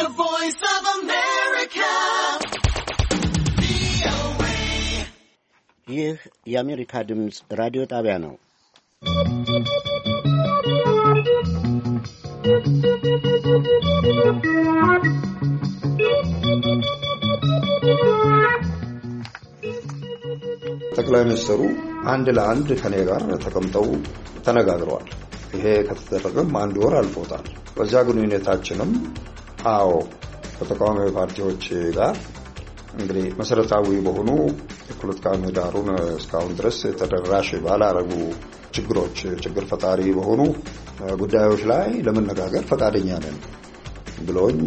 The Voice of America. ይህ የአሜሪካ ድምፅ ራዲዮ ጣቢያ ነው። ጠቅላይ ሚኒስትሩ አንድ ለአንድ ከኔ ጋር ተቀምጠው ተነጋግረዋል። ይሄ ከተደረገም አንድ ወር አልፎታል። በዚያ ግንኙነታችንም አዎ ከተቃዋሚ ፓርቲዎች ጋር እንግዲህ መሰረታዊ በሆኑ የፖለቲካ ምህዳሩን እስካሁን ድረስ ተደራሽ ባላረጉ ችግሮች ችግር ፈጣሪ በሆኑ ጉዳዮች ላይ ለመነጋገር ፈቃደኛ ነን ብሎኝ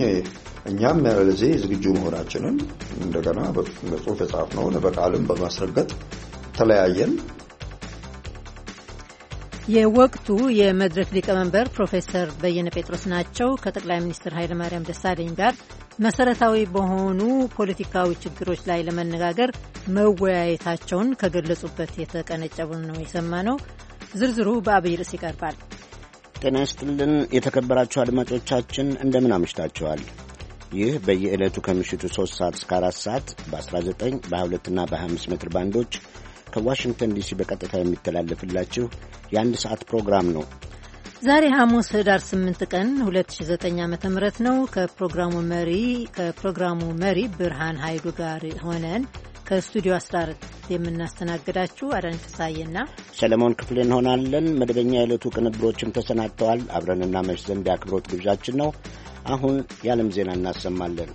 እኛም ለዚህ ዝግጁ መሆናችንን እንደገና በጽሁፍ የጻፍነውን በቃልም በማስረገጥ ተለያየን። የወቅቱ የመድረክ ሊቀመንበር ፕሮፌሰር በየነ ጴጥሮስ ናቸው። ከጠቅላይ ሚኒስትር ኃይለማርያም ደሳለኝ ጋር መሰረታዊ በሆኑ ፖለቲካዊ ችግሮች ላይ ለመነጋገር መወያየታቸውን ከገለጹበት የተቀነጨቡ ነው የሰማ ነው። ዝርዝሩ በአብይ ርዕስ ይቀርባል። ጤና ይስጥልን የተከበራችሁ አድማጮቻችን፣ እንደምን አምሽታችኋል? ይህ በየዕለቱ ከምሽቱ 3 ሰዓት እስከ 4 ሰዓት በ19 በ22ና በ25 ሜትር ባንዶች ከዋሽንግተን ዲሲ በቀጥታ የሚተላለፍላችሁ የአንድ ሰዓት ፕሮግራም ነው። ዛሬ ሐሙስ ህዳር 8 ቀን 2009 ዓ ም ነው። ከፕሮግራሙ መሪ ከፕሮግራሙ መሪ ብርሃን ኃይሉ ጋር ሆነን ከስቱዲዮ አስራር የምናስተናግዳችሁ አዳነች ፍስሐዬና ሰለሞን ክፍሌ እንሆናለን። መደበኛ የዕለቱ ቅንብሮችም ተሰናድተዋል። አብረን እናመሽ ዘንድ የአክብሮት ግብዣችን ነው። አሁን የዓለም ዜና እናሰማለን።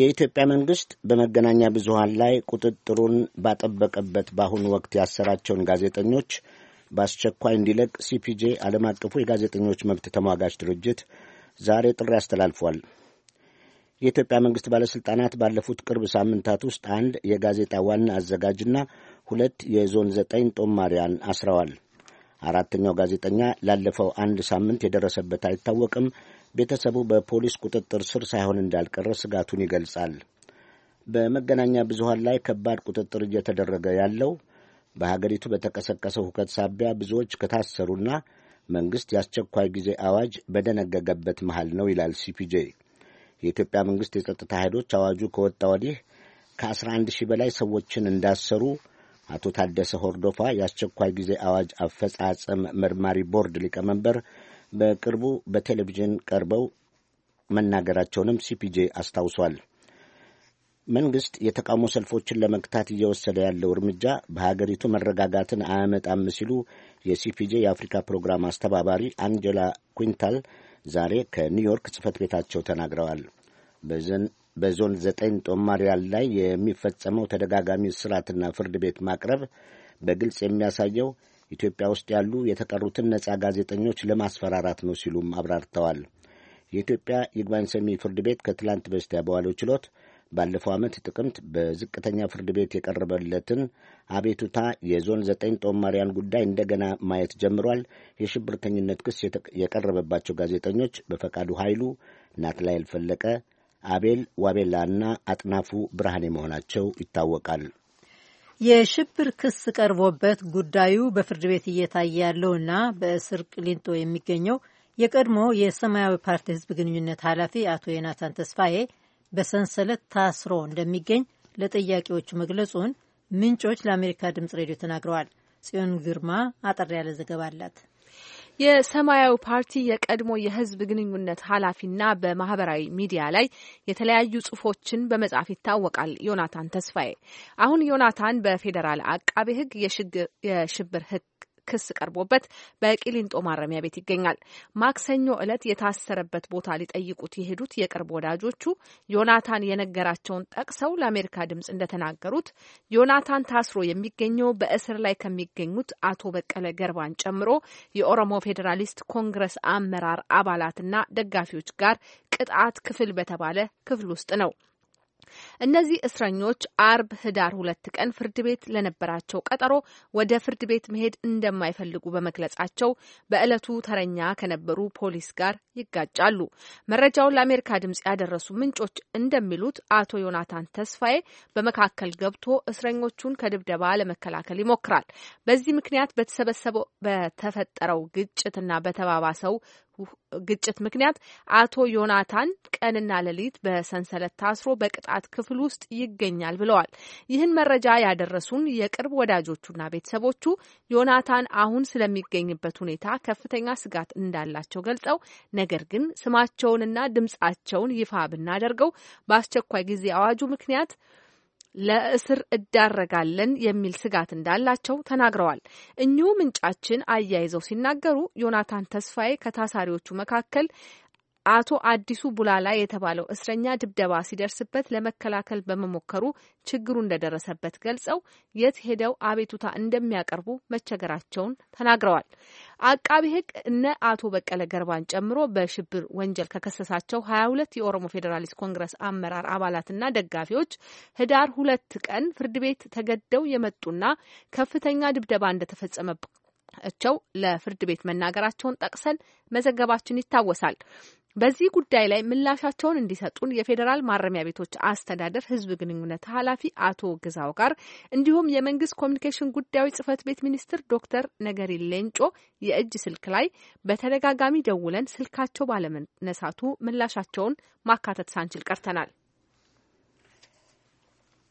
የኢትዮጵያ መንግስት በመገናኛ ብዙሃን ላይ ቁጥጥሩን ባጠበቀበት በአሁኑ ወቅት ያሰራቸውን ጋዜጠኞች በአስቸኳይ እንዲለቅ ሲፒጄ ዓለም አቀፉ የጋዜጠኞች መብት ተሟጋች ድርጅት ዛሬ ጥሪ አስተላልፏል። የኢትዮጵያ መንግሥት ባለሥልጣናት ባለፉት ቅርብ ሳምንታት ውስጥ አንድ የጋዜጣ ዋና አዘጋጅና ሁለት የዞን ዘጠኝ ጦማሪያን አስረዋል። አራተኛው ጋዜጠኛ ላለፈው አንድ ሳምንት የደረሰበት አይታወቅም። ቤተሰቡ በፖሊስ ቁጥጥር ስር ሳይሆን እንዳልቀረ ስጋቱን ይገልጻል። በመገናኛ ብዙሃን ላይ ከባድ ቁጥጥር እየተደረገ ያለው በሀገሪቱ በተቀሰቀሰው ሁከት ሳቢያ ብዙዎች ከታሰሩና መንግሥት የአስቸኳይ ጊዜ አዋጅ በደነገገበት መሃል ነው ይላል ሲፒጄ። የኢትዮጵያ መንግሥት የጸጥታ ኃይሎች አዋጁ ከወጣ ወዲህ ከ11 ሺህ በላይ ሰዎችን እንዳሰሩ አቶ ታደሰ ሆርዶፋ የአስቸኳይ ጊዜ አዋጅ አፈጻጸም መርማሪ ቦርድ ሊቀመንበር በቅርቡ በቴሌቪዥን ቀርበው መናገራቸውንም ሲፒጄ አስታውሷል። መንግሥት የተቃውሞ ሰልፎችን ለመግታት እየወሰደ ያለው እርምጃ በሀገሪቱ መረጋጋትን አያመጣም ሲሉ የሲፒጄ የአፍሪካ ፕሮግራም አስተባባሪ አንጀላ ኩንታል ዛሬ ከኒውዮርክ ጽህፈት ቤታቸው ተናግረዋል። በዞን ዘጠኝ ጦማሪያል ላይ የሚፈጸመው ተደጋጋሚ እስራትና ፍርድ ቤት ማቅረብ በግልጽ የሚያሳየው ኢትዮጵያ ውስጥ ያሉ የተቀሩትን ነጻ ጋዜጠኞች ለማስፈራራት ነው ሲሉም አብራርተዋል። የኢትዮጵያ ይግባኝ ሰሚ ፍርድ ቤት ከትላንት በስቲያ በዋለው ችሎት ባለፈው ዓመት ጥቅምት በዝቅተኛ ፍርድ ቤት የቀረበለትን አቤቱታ የዞን ዘጠኝ ጦማሪያን ጉዳይ እንደገና ማየት ጀምሯል። የሽብርተኝነት ክስ የቀረበባቸው ጋዜጠኞች በፈቃዱ ኃይሉ፣ ናትናኤል ፈለቀ፣ አቤል ዋቤላ እና አጥናፉ ብርሃኔ መሆናቸው ይታወቃል። የሽብር ክስ ቀርቦበት ጉዳዩ በፍርድ ቤት እየታየ ያለውና በእስር ቅሊንጦ የሚገኘው የቀድሞ የሰማያዊ ፓርቲ ህዝብ ግንኙነት ኃላፊ አቶ ዮናታን ተስፋዬ በሰንሰለት ታስሮ እንደሚገኝ ለጥያቄዎቹ መግለጹን ምንጮች ለአሜሪካ ድምጽ ሬዲዮ ተናግረዋል። ጽዮን ግርማ አጠር ያለ ዘገባ አላት። የሰማያዊ ፓርቲ የቀድሞ የህዝብ ግንኙነት ኃላፊና በማህበራዊ ሚዲያ ላይ የተለያዩ ጽሁፎችን በመጻፍ ይታወቃል ዮናታን ተስፋዬ። አሁን ዮናታን በፌዴራል አቃቤ ህግ የሽብር ህግ ክስ ቀርቦበት በቂሊንጦ ማረሚያ ቤት ይገኛል። ማክሰኞ ዕለት የታሰረበት ቦታ ሊጠይቁት የሄዱት የቅርብ ወዳጆቹ ዮናታን የነገራቸውን ጠቅሰው ለአሜሪካ ድምፅ እንደተናገሩት ዮናታን ታስሮ የሚገኘው በእስር ላይ ከሚገኙት አቶ በቀለ ገርባን ጨምሮ የኦሮሞ ፌዴራሊስት ኮንግረስ አመራር አባላትና ደጋፊዎች ጋር ቅጣት ክፍል በተባለ ክፍል ውስጥ ነው። እነዚህ እስረኞች አርብ ህዳር ሁለት ቀን ፍርድ ቤት ለነበራቸው ቀጠሮ ወደ ፍርድ ቤት መሄድ እንደማይፈልጉ በመግለጻቸው በዕለቱ ተረኛ ከነበሩ ፖሊስ ጋር ይጋጫሉ። መረጃውን ለአሜሪካ ድምጽ ያደረሱ ምንጮች እንደሚሉት አቶ ዮናታን ተስፋዬ በመካከል ገብቶ እስረኞቹን ከድብደባ ለመከላከል ይሞክራል። በዚህ ምክንያት በተሰበሰበው በተፈጠረው ግጭትና በተባባሰው ግጭት ምክንያት አቶ ዮናታን ቀንና ሌሊት በሰንሰለት ታስሮ በቅጣት ክፍል ውስጥ ይገኛል ብለዋል። ይህን መረጃ ያደረሱን የቅርብ ወዳጆቹና ቤተሰቦቹ ዮናታን አሁን ስለሚገኝበት ሁኔታ ከፍተኛ ስጋት እንዳላቸው ገልጸው ነገር ግን ስማቸውንና ድምጻቸውን ይፋ ብናደርገው በአስቸኳይ ጊዜ አዋጁ ምክንያት ለእስር እዳረጋለን የሚል ስጋት እንዳላቸው ተናግረዋል። እኚሁ ምንጫችን አያይዘው ሲናገሩ ዮናታን ተስፋዬ ከታሳሪዎቹ መካከል አቶ አዲሱ ቡላላ የተባለው እስረኛ ድብደባ ሲደርስበት ለመከላከል በመሞከሩ ችግሩ እንደደረሰበት ገልጸው የት ሄደው አቤቱታ እንደሚያቀርቡ መቸገራቸውን ተናግረዋል። አቃቢ ሕግ እነ አቶ በቀለ ገርባን ጨምሮ በሽብር ወንጀል ከከሰሳቸው ሀያ ሁለት የኦሮሞ ፌዴራሊስት ኮንግረስ አመራር አባላትና ደጋፊዎች ህዳር ሁለት ቀን ፍርድ ቤት ተገደው የመጡና ከፍተኛ ድብደባ እንደተፈጸመ ለፍርድ ቤት መናገራቸውን ጠቅሰን መዘገባችን ይታወሳል። በዚህ ጉዳይ ላይ ምላሻቸውን እንዲሰጡን የፌዴራል ማረሚያ ቤቶች አስተዳደር ህዝብ ግንኙነት ኃላፊ አቶ ግዛው ጋር እንዲሁም የመንግስት ኮሚኒኬሽን ጉዳዮች ጽህፈት ቤት ሚኒስትር ዶክተር ነገሪ ሌንጮ የእጅ ስልክ ላይ በተደጋጋሚ ደውለን ስልካቸው ባለመነሳቱ ምላሻቸውን ማካተት ሳንችል ቀርተናል።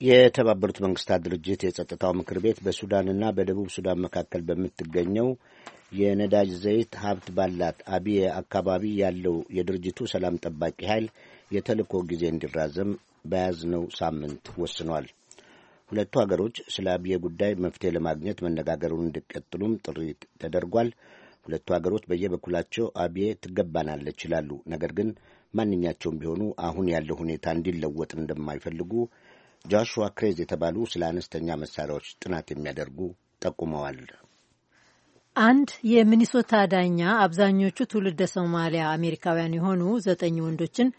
የተባበሩት መንግስታት ድርጅት የጸጥታው ምክር ቤት በሱዳንና በደቡብ ሱዳን መካከል በምትገኘው የነዳጅ ዘይት ሀብት ባላት አብዬ አካባቢ ያለው የድርጅቱ ሰላም ጠባቂ ኃይል የተልእኮ ጊዜ እንዲራዘም በያዝነው ሳምንት ወስኗል። ሁለቱ አገሮች ስለ አብዬ ጉዳይ መፍትሄ ለማግኘት መነጋገሩን እንዲቀጥሉም ጥሪ ተደርጓል። ሁለቱ አገሮች በየበኩላቸው አብዬ ትገባናለች ይላሉ። ነገር ግን ማንኛቸውም ቢሆኑ አሁን ያለው ሁኔታ እንዲለወጥ እንደማይፈልጉ ጆሹዋ ክሬዝ የተባሉ ስለ አነስተኛ መሳሪያዎች ጥናት የሚያደርጉ ጠቁመዋል። አንድ የሚኒሶታ ዳኛ አብዛኞቹ ትውልደ ሶማሊያ አሜሪካውያን የሆኑ ዘጠኝ ወንዶችን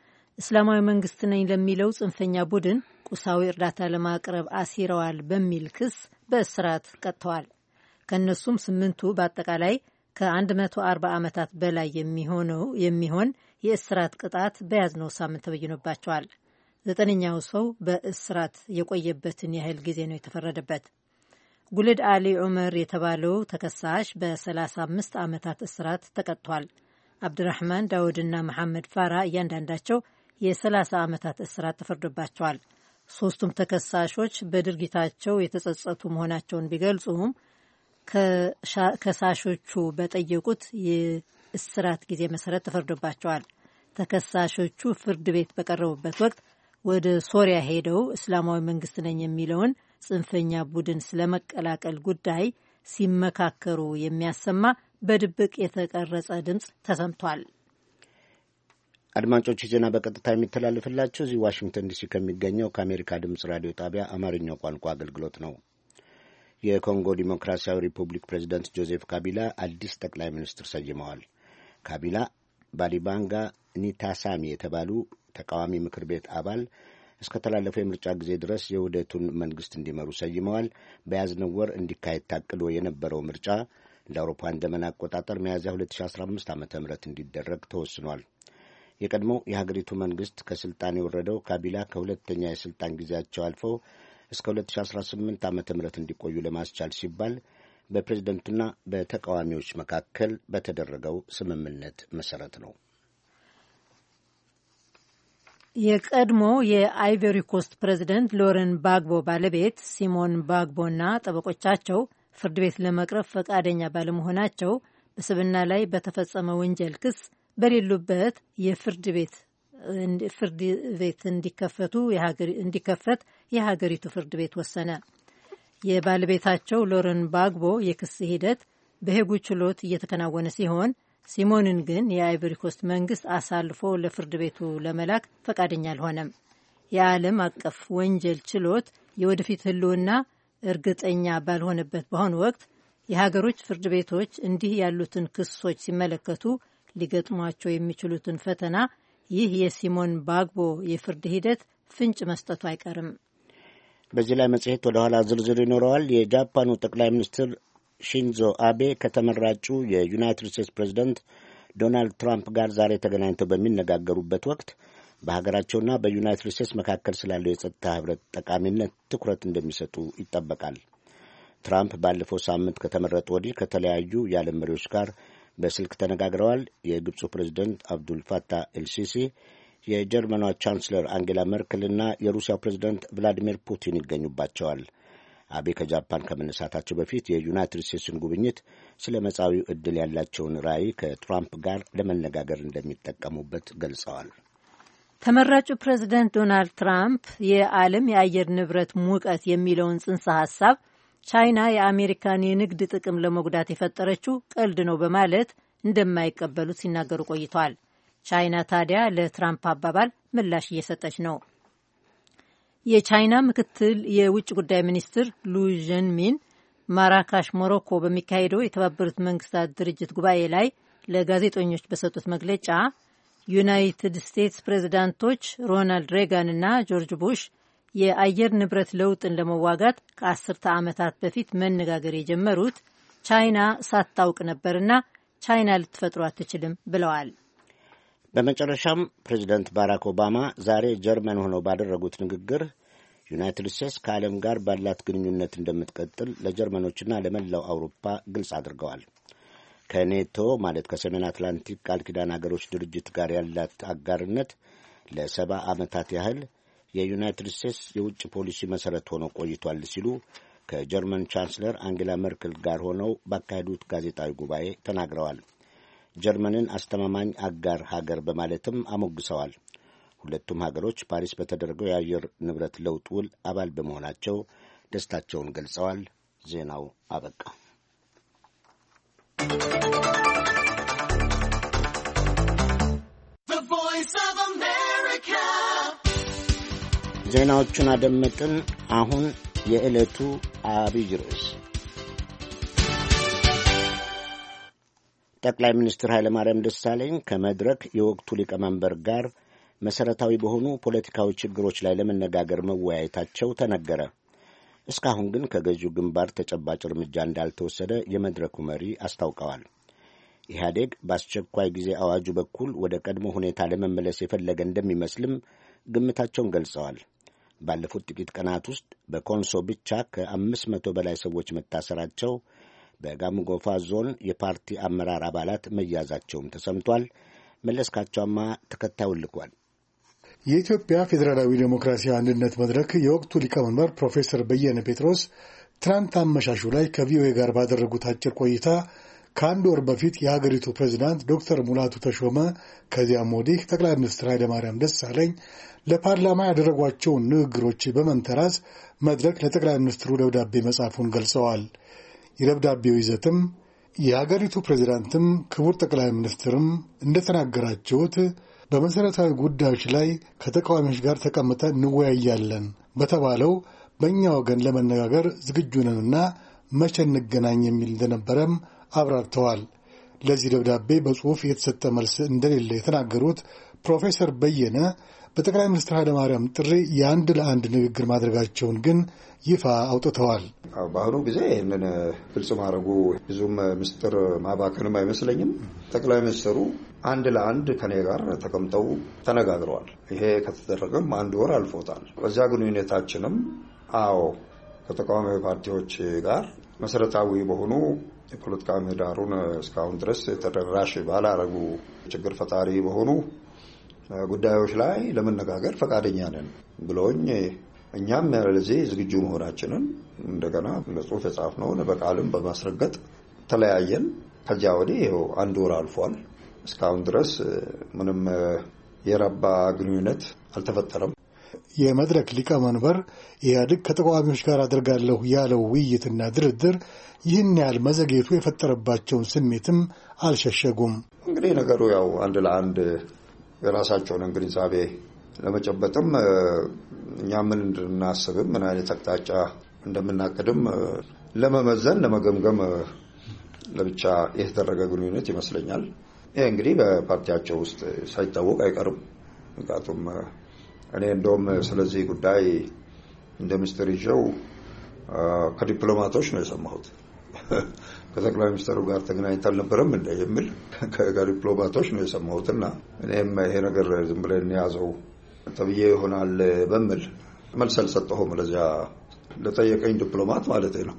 እስላማዊ መንግስት ነኝ ለሚለው ጽንፈኛ ቡድን ቁሳዊ እርዳታ ለማቅረብ አሲረዋል በሚል ክስ በእስራት ቀጥተዋል። ከእነሱም ስምንቱ በአጠቃላይ ከ140 ዓመታት በላይ የሚሆነው የሚሆን የእስራት ቅጣት በያዝነው ሳምንት ተበይኖባቸዋል። ዘጠነኛው ሰው በእስራት የቆየበትን ያህል ጊዜ ነው የተፈረደበት። ጉልድ አሊ ዑመር የተባለው ተከሳሽ በ35 ዓመታት እስራት ተቀጥቷል። አብድራህማን ዳውድና መሐመድ ፋራ እያንዳንዳቸው የ30 ዓመታት እስራት ተፈርዶባቸዋል። ሶስቱም ተከሳሾች በድርጊታቸው የተጸጸቱ መሆናቸውን ቢገልጹም ከሳሾቹ በጠየቁት የእስራት ጊዜ መሰረት ተፈርዶባቸዋል። ተከሳሾቹ ፍርድ ቤት በቀረቡበት ወቅት ወደ ሶሪያ ሄደው እስላማዊ መንግስት ነኝ የሚለውን ጽንፈኛ ቡድን ስለመቀላቀል ጉዳይ ሲመካከሩ የሚያሰማ በድብቅ የተቀረጸ ድምፅ ተሰምቷል። አድማጮች ዜና በቀጥታ የሚተላልፍላቸው እዚህ ዋሽንግተን ዲሲ ከሚገኘው ከአሜሪካ ድምፅ ራዲዮ ጣቢያ አማርኛው ቋንቋ አገልግሎት ነው። የኮንጎ ዲሞክራሲያዊ ሪፑብሊክ ፕሬዚደንት ጆዜፍ ካቢላ አዲስ ጠቅላይ ሚኒስትር ሰይመዋል። ካቢላ ባሊባንጋ ኒታሳሚ የተባሉ ተቃዋሚ ምክር ቤት አባል እስከተላለፈው የምርጫ ጊዜ ድረስ የውህደቱን መንግስት እንዲመሩ ሰይመዋል። በያዝነው ወር እንዲካሄድ ታቅዶ የነበረው ምርጫ እንደ አውሮፓውያን ዘመን አቆጣጠር ሚያዝያ 2015 ዓ ም እንዲደረግ ተወስኗል። የቀድሞው የሀገሪቱ መንግስት ከስልጣን የወረደው ካቢላ ከሁለተኛ የስልጣን ጊዜያቸው አልፈው እስከ 2018 ዓ ም እንዲቆዩ ለማስቻል ሲባል በፕሬዝደንቱና በተቃዋሚዎች መካከል በተደረገው ስምምነት መሰረት ነው። የቀድሞ የአይቨሪ ኮስት ፕሬዚደንት ሎረን ባግቦ ባለቤት ሲሞን ባግቦና ጠበቆቻቸው ፍርድ ቤት ለመቅረብ ፈቃደኛ ባለመሆናቸው በስብና ላይ በተፈጸመ ወንጀል ክስ በሌሉበት የፍርድ ቤት ፍርድ ቤት እንዲከፈቱ እንዲከፈት የሀገሪቱ ፍርድ ቤት ወሰነ። የባለቤታቸው ሎረን ባግቦ የክስ ሂደት በሄጉ ችሎት እየተከናወነ ሲሆን ሲሞንን ግን የአይቨሪ ኮስት መንግስት አሳልፎ ለፍርድ ቤቱ ለመላክ ፈቃደኛ አልሆነም። የዓለም አቀፍ ወንጀል ችሎት የወደፊት ህልውና እርግጠኛ ባልሆነበት በአሁኑ ወቅት የሀገሮች ፍርድ ቤቶች እንዲህ ያሉትን ክሶች ሲመለከቱ ሊገጥሟቸው የሚችሉትን ፈተና ይህ የሲሞን ባግቦ የፍርድ ሂደት ፍንጭ መስጠቱ አይቀርም። በዚህ ላይ መጽሔት ወደ ኋላ ዝርዝር ይኖረዋል። የጃፓኑ ጠቅላይ ሚኒስትር ሺንዞ አቤ ከተመራጩ የዩናይትድ ስቴትስ ፕሬዚደንት ዶናልድ ትራምፕ ጋር ዛሬ ተገናኝተው በሚነጋገሩበት ወቅት በሀገራቸውና በዩናይትድ ስቴትስ መካከል ስላለው የጸጥታ ህብረት ጠቃሚነት ትኩረት እንደሚሰጡ ይጠበቃል። ትራምፕ ባለፈው ሳምንት ከተመረጡ ወዲህ ከተለያዩ የዓለም መሪዎች ጋር በስልክ ተነጋግረዋል። የግብፁ ፕሬዚደንት አብዱል ፋታህ ኤልሲሲ፣ የጀርመኗ ቻንስለር አንጌላ እና የሩሲያው ፕሬዚደንት ቭላዲሚር ፑቲን ይገኙባቸዋል። አቤ ከጃፓን ከመነሳታቸው በፊት የዩናይትድ ስቴትስን ጉብኝት ስለ መጻዊው ዕድል ያላቸውን ራዕይ ከትራምፕ ጋር ለመነጋገር እንደሚጠቀሙበት ገልጸዋል። ተመራጩ ፕሬዚደንት ዶናልድ ትራምፕ የዓለም የአየር ንብረት ሙቀት የሚለውን ጽንሰ ሐሳብ ቻይና የአሜሪካን የንግድ ጥቅም ለመጉዳት የፈጠረችው ቀልድ ነው በማለት እንደማይቀበሉት ሲናገሩ ቆይተዋል። ቻይና ታዲያ ለትራምፕ አባባል ምላሽ እየሰጠች ነው። የቻይና ምክትል የውጭ ጉዳይ ሚኒስትር ሉ ዠንሚን ማራካሽ ሞሮኮ በሚካሄደው የተባበሩት መንግስታት ድርጅት ጉባኤ ላይ ለጋዜጠኞች በሰጡት መግለጫ ዩናይትድ ስቴትስ ፕሬዚዳንቶች ሮናልድ ሬጋን እና ጆርጅ ቡሽ የአየር ንብረት ለውጥን ለመዋጋት ከአስርተ ዓመታት በፊት መነጋገር የጀመሩት ቻይና ሳታውቅ ነበርና ቻይና ልትፈጥሮ አትችልም ብለዋል። በመጨረሻም ፕሬዚደንት ባራክ ኦባማ ዛሬ ጀርመን ሆነው ባደረጉት ንግግር ዩናይትድ ስቴትስ ከዓለም ጋር ባላት ግንኙነት እንደምትቀጥል ለጀርመኖችና ለመላው አውሮፓ ግልጽ አድርገዋል። ከኔቶ ማለት ከሰሜን አትላንቲክ ቃል ኪዳን አገሮች ድርጅት ጋር ያላት አጋርነት ለሰባ ዓመታት ያህል የዩናይትድ ስቴትስ የውጭ ፖሊሲ መሠረት ሆኖ ቆይቷል ሲሉ ከጀርመን ቻንስለር አንጌላ መርክል ጋር ሆነው ባካሄዱት ጋዜጣዊ ጉባኤ ተናግረዋል። ጀርመንን አስተማማኝ አጋር ሀገር በማለትም አሞግሰዋል። ሁለቱም ሀገሮች ፓሪስ በተደረገው የአየር ንብረት ለውጥ ውል አባል በመሆናቸው ደስታቸውን ገልጸዋል። ዜናው አበቃ። ዜናዎቹን አደመጥን። አሁን የዕለቱ አብይ ርዕስ ጠቅላይ ሚኒስትር ኃይለማርያም ደሳለኝ ከመድረክ የወቅቱ ሊቀመንበር ጋር መሠረታዊ በሆኑ ፖለቲካዊ ችግሮች ላይ ለመነጋገር መወያየታቸው ተነገረ። እስካሁን ግን ከገዢው ግንባር ተጨባጭ እርምጃ እንዳልተወሰደ የመድረኩ መሪ አስታውቀዋል። ኢህአዴግ በአስቸኳይ ጊዜ አዋጁ በኩል ወደ ቀድሞ ሁኔታ ለመመለስ የፈለገ እንደሚመስልም ግምታቸውን ገልጸዋል። ባለፉት ጥቂት ቀናት ውስጥ በኮንሶ ብቻ ከአምስት መቶ በላይ ሰዎች መታሰራቸው በጋምጎፋ ዞን የፓርቲ አመራር አባላት መያዛቸውም ተሰምቷል። መለስካቸውማ ተከታዩን ልኳል። የኢትዮጵያ ፌዴራላዊ ዴሞክራሲያዊ አንድነት መድረክ የወቅቱ ሊቀመንበር ፕሮፌሰር በየነ ጴጥሮስ ትናንት አመሻሹ ላይ ከቪኦኤ ጋር ባደረጉት አጭር ቆይታ ከአንድ ወር በፊት የሀገሪቱ ፕሬዚዳንት ዶክተር ሙላቱ ተሾመ ከዚያም ወዲህ ጠቅላይ ሚኒስትር ኃይለማርያም ደሳለኝ ለፓርላማ ያደረጓቸውን ንግግሮች በመንተራስ መድረክ ለጠቅላይ ሚኒስትሩ ደብዳቤ መጻፉን ገልጸዋል። የደብዳቤው ይዘትም የሀገሪቱ ፕሬዚዳንትም ክቡር ጠቅላይ ሚኒስትርም እንደተናገራችሁት በመሠረታዊ ጉዳዮች ላይ ከተቃዋሚዎች ጋር ተቀምጠ እንወያያለን በተባለው በእኛ ወገን ለመነጋገር ዝግጁ ነንና መቼ እንገናኝ የሚል እንደነበረም አብራርተዋል። ለዚህ ደብዳቤ በጽሑፍ የተሰጠ መልስ እንደሌለ የተናገሩት ፕሮፌሰር በየነ በጠቅላይ ሚኒስትር ኃይለማርያም ጥሪ የአንድ ለአንድ ንግግር ማድረጋቸውን ግን ይፋ አውጥተዋል። በአሁኑ ጊዜ ይህንን ግልጽ ማድረጉ ብዙም ምስጢር ማባከንም አይመስለኝም። ጠቅላይ ሚኒስትሩ አንድ ለአንድ ከኔ ጋር ተቀምጠው ተነጋግረዋል። ይሄ ከተደረገም አንድ ወር አልፎታል። በዚያ ግንኙነታችንም አዎ ከተቃዋሚ ፓርቲዎች ጋር መሰረታዊ በሆኑ የፖለቲካ ምህዳሩን እስካሁን ድረስ ተደራሽ ባላረጉ ችግር ፈጣሪ በሆኑ ጉዳዮች ላይ ለመነጋገር ፈቃደኛ ነን ብሎኝ እኛም ለዚህ ዝግጁ መሆናችንን እንደገና በጽሁፍ የጻፍነውን በቃልም በማስረገጥ ተለያየን። ከዚያ ወዲህ ይኸው አንድ ወር አልፏል። እስካሁን ድረስ ምንም የረባ ግንኙነት አልተፈጠረም። የመድረክ ሊቀመንበር ኢህአዴግ ከተቃዋሚዎች ጋር አድርጋለሁ ያለው ውይይትና ድርድር ይህን ያህል መዘግየቱ የፈጠረባቸውን ስሜትም አልሸሸጉም። እንግዲህ ነገሩ ያው አንድ ለአንድ የራሳቸውን ግንዛቤ ለመጨበጥም እኛ ምን እንድናስብም ምን አይነት አቅጣጫ እንደምናቅድም ለመመዘን ለመገምገም ለብቻ የተደረገ ግንኙነት ይመስለኛል። ይህ እንግዲህ በፓርቲያቸው ውስጥ ሳይታወቅ አይቀርም። ምክንያቱም እኔ እንደውም ስለዚህ ጉዳይ እንደ ምስጢር ይዤው ከዲፕሎማቶች ነው የሰማሁት። ከጠቅላይ ሚኒስትሩ ጋር ተገናኝታ አልነበረም እንደ የሚል ከዲፕሎማቶች ነው የሰማሁትና እኔም ይሄ ነገር ዝም ብለን የያዘው ተብዬ ይሆናል በሚል መልስ አልሰጠሁም ለዚያ ለጠየቀኝ ዲፕሎማት ማለት ነው።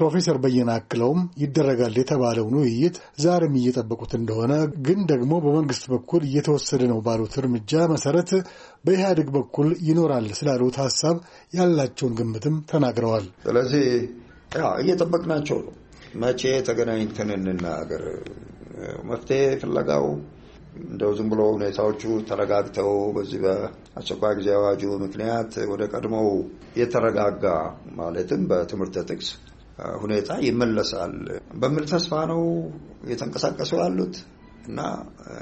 ፕሮፌሰር በየነ አክለውም ይደረጋል የተባለውን ውይይት ዛሬም እየጠበቁት እንደሆነ ግን ደግሞ በመንግስት በኩል እየተወሰደ ነው ባሉት እርምጃ መሰረት በኢህአዴግ በኩል ይኖራል ስላሉት ሀሳብ ያላቸውን ግምትም ተናግረዋል። ስለዚህ እየጠበቅናቸው ነው መቼ ተገናኝተን እንናገር? መፍትሄ ፍለጋው እንደው ዝም ብሎ ሁኔታዎቹ ተረጋግተው በዚህ በአስቸኳይ ጊዜ አዋጁ ምክንያት ወደ ቀድሞው የተረጋጋ ማለትም በትምህርት ጥቅስ ሁኔታ ይመለሳል በሚል ተስፋ ነው የተንቀሳቀሱ ያሉት እና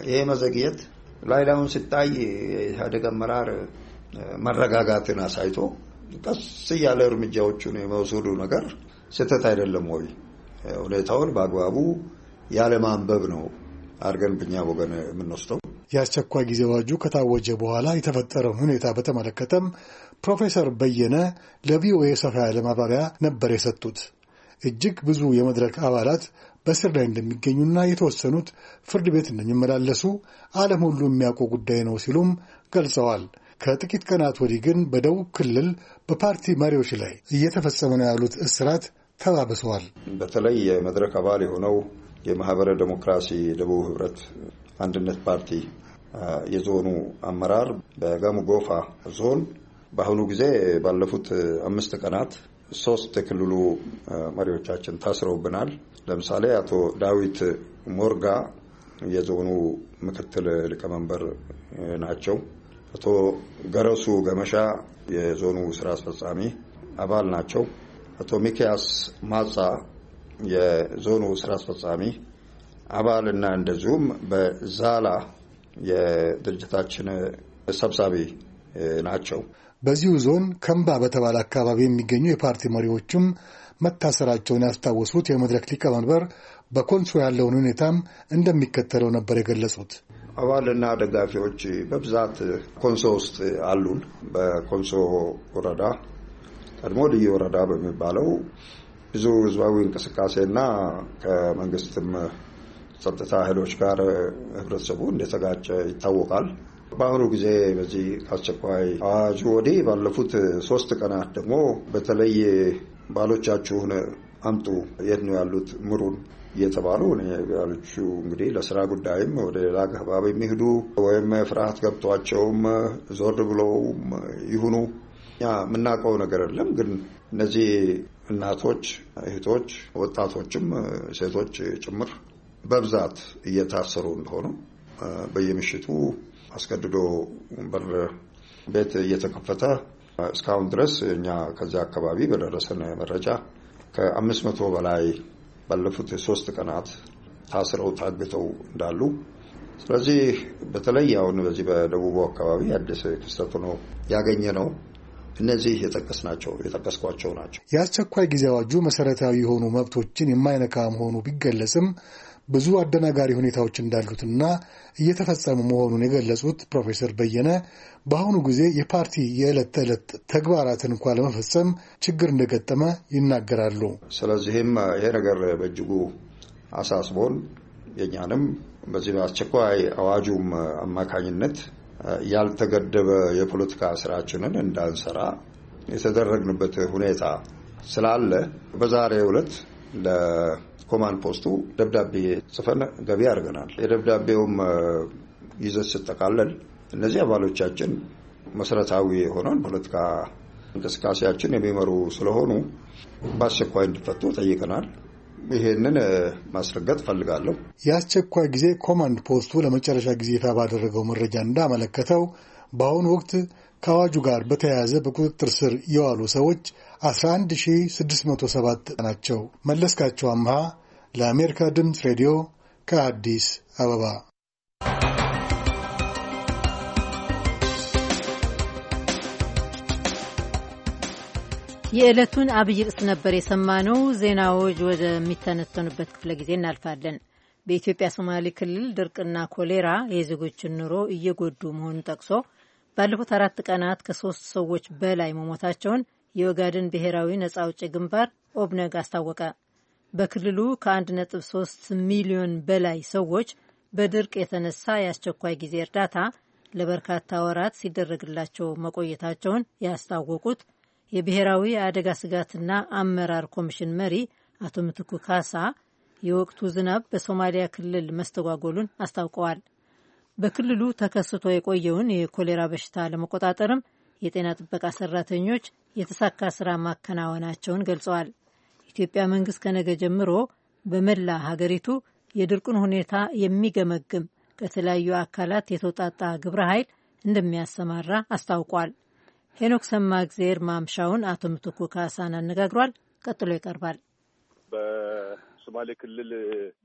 ይሄ መዘግየት ላይ ላዩን ሲታይ የኢህአዴግ አመራር መረጋጋትን አሳይቶ ቀስ እያለ እርምጃዎቹን የመውሰዱ ነገር ስህተት አይደለም ወይ? ሁኔታውን በአግባቡ ያለማንበብ ነው አድርገን ብኛ ወገን የምንወስደው። የአስቸኳይ ጊዜ አዋጁ ከታወጀ በኋላ የተፈጠረውን ሁኔታ በተመለከተም ፕሮፌሰር በየነ ለቪኦኤ ሰፋ ያለ ማብራሪያ ነበር የሰጡት። እጅግ ብዙ የመድረክ አባላት በስር ላይ እንደሚገኙና የተወሰኑት ፍርድ ቤት እንደሚመላለሱ ዓለም ሁሉ የሚያውቁ ጉዳይ ነው ሲሉም ገልጸዋል። ከጥቂት ቀናት ወዲህ ግን በደቡብ ክልል በፓርቲ መሪዎች ላይ እየተፈጸመ ነው ያሉት እስራት ተባብሰዋል። በተለይ የመድረክ አባል የሆነው የማህበረ ዴሞክራሲ ደቡብ ህብረት አንድነት ፓርቲ የዞኑ አመራር በጋሞ ጎፋ ዞን በአሁኑ ጊዜ ባለፉት አምስት ቀናት ሶስት የክልሉ መሪዎቻችን ታስረውብናል። ለምሳሌ አቶ ዳዊት ሞርጋ የዞኑ ምክትል ሊቀመንበር ናቸው። አቶ ገረሱ ገመሻ የዞኑ ስራ አስፈጻሚ አባል ናቸው። አቶ ሚኪያስ ማጻ የዞኑ ስራ አስፈጻሚ አባል እና እንደዚሁም በዛላ የድርጅታችን ሰብሳቢ ናቸው። በዚሁ ዞን ከምባ በተባለ አካባቢ የሚገኙ የፓርቲ መሪዎችም መታሰራቸውን ያስታወሱት የመድረክ ሊቀመንበር በኮንሶ ያለውን ሁኔታም እንደሚከተለው ነበር የገለጹት። አባልና ደጋፊዎች በብዛት ኮንሶ ውስጥ አሉን። በኮንሶ ወረዳ ቀድሞ ልዩ ወረዳ በሚባለው ብዙ ህዝባዊ እንቅስቃሴና ከመንግስትም ጸጥታ ኃይሎች ጋር ህብረተሰቡ እንደተጋጨ ይታወቃል። በአሁኑ ጊዜ በዚህ ከአስቸኳይ አዋጁ ወዲህ ባለፉት ሶስት ቀናት ደግሞ በተለይ ባሎቻችሁን አምጡ፣ የት ነው ያሉት ምሩን እየተባሉ ባሎቹ እንግዲህ ለስራ ጉዳይም ወደ ሌላ አካባቢ የሚሄዱ ወይም ፍርሃት ገብቷቸውም ዞር ብለውም ይሁኑ እኛ የምናውቀው ነገር የለም። ግን እነዚህ እናቶች፣ እህቶች፣ ወጣቶችም ሴቶች ጭምር በብዛት እየታሰሩ እንደሆኑ በየምሽቱ አስገድዶ በር ቤት እየተከፈተ እስካሁን ድረስ እኛ ከዚያ አካባቢ በደረሰን መረጃ ከአምስት መቶ በላይ ባለፉት ሶስት ቀናት ታስረው ታግተው እንዳሉ ስለዚህ በተለይ አሁን በዚህ በደቡቡ አካባቢ አዲስ ክስተት ሆኖ ያገኘ ነው። እነዚህ የጠቀስናቸው የጠቀስኳቸው ናቸው። የአስቸኳይ ጊዜ አዋጁ መሰረታዊ የሆኑ መብቶችን የማይነካ መሆኑ ቢገለጽም ብዙ አደናጋሪ ሁኔታዎች እንዳሉትና እየተፈጸሙ መሆኑን የገለጹት ፕሮፌሰር በየነ በአሁኑ ጊዜ የፓርቲ የዕለት ተዕለት ተግባራትን እንኳ ለመፈጸም ችግር እንደገጠመ ይናገራሉ። ስለዚህም ይሄ ነገር በእጅጉ አሳስቦን የእኛንም በዚህ በአስቸኳይ አዋጁም አማካኝነት ያልተገደበ የፖለቲካ ስራችንን እንዳንሰራ የተደረግንበት ሁኔታ ስላለ በዛሬ ዕለት ለኮማንድ ፖስቱ ደብዳቤ ጽፈን ገቢ አድርገናል። የደብዳቤውም ይዘት ስጠቃለል እነዚህ አባሎቻችን መሰረታዊ የሆነን ፖለቲካ እንቅስቃሴያችን የሚመሩ ስለሆኑ በአስቸኳይ እንዲፈቱ ጠይቀናል። ይሄንን ማስረገጥ ፈልጋለሁ። የአስቸኳይ ጊዜ ኮማንድ ፖስቱ ለመጨረሻ ጊዜ ይፋ ባደረገው መረጃ እንዳመለከተው በአሁኑ ወቅት ከአዋጁ ጋር በተያያዘ በቁጥጥር ስር የዋሉ ሰዎች 11607 ናቸው። መለስካቸው አምሃ ለአሜሪካ ድምፅ ሬዲዮ ከአዲስ አበባ የዕለቱን አብይ ርዕስ ነበር የሰማነው። ዜናዎች ወደሚተነተኑበት ክፍለ ጊዜ እናልፋለን። በኢትዮጵያ ሶማሌ ክልል ድርቅና ኮሌራ የዜጎችን ኑሮ እየጎዱ መሆኑን ጠቅሶ ባለፉት አራት ቀናት ከሶስት ሰዎች በላይ መሞታቸውን የኦጋድን ብሔራዊ ነጻ አውጪ ግንባር ኦብነግ አስታወቀ። በክልሉ ከ1.3 ሚሊዮን በላይ ሰዎች በድርቅ የተነሳ የአስቸኳይ ጊዜ እርዳታ ለበርካታ ወራት ሲደረግላቸው መቆየታቸውን ያስታወቁት የብሔራዊ አደጋ ስጋትና አመራር ኮሚሽን መሪ አቶ ምትኩ ካሳ የወቅቱ ዝናብ በሶማሊያ ክልል መስተጓጎሉን አስታውቀዋል። በክልሉ ተከስቶ የቆየውን የኮሌራ በሽታ ለመቆጣጠርም የጤና ጥበቃ ሰራተኞች የተሳካ ስራ ማከናወናቸውን ገልጸዋል። ኢትዮጵያ መንግስት ከነገ ጀምሮ በመላ ሀገሪቱ የድርቁን ሁኔታ የሚገመግም ከተለያዩ አካላት የተውጣጣ ግብረ ኃይል እንደሚያሰማራ አስታውቋል። ሄኖክ ሰማ ሰማእግዜር ማምሻውን አቶ ምትኩ ካሳን አነጋግሯል። ቀጥሎ ይቀርባል። በሶማሌ ክልል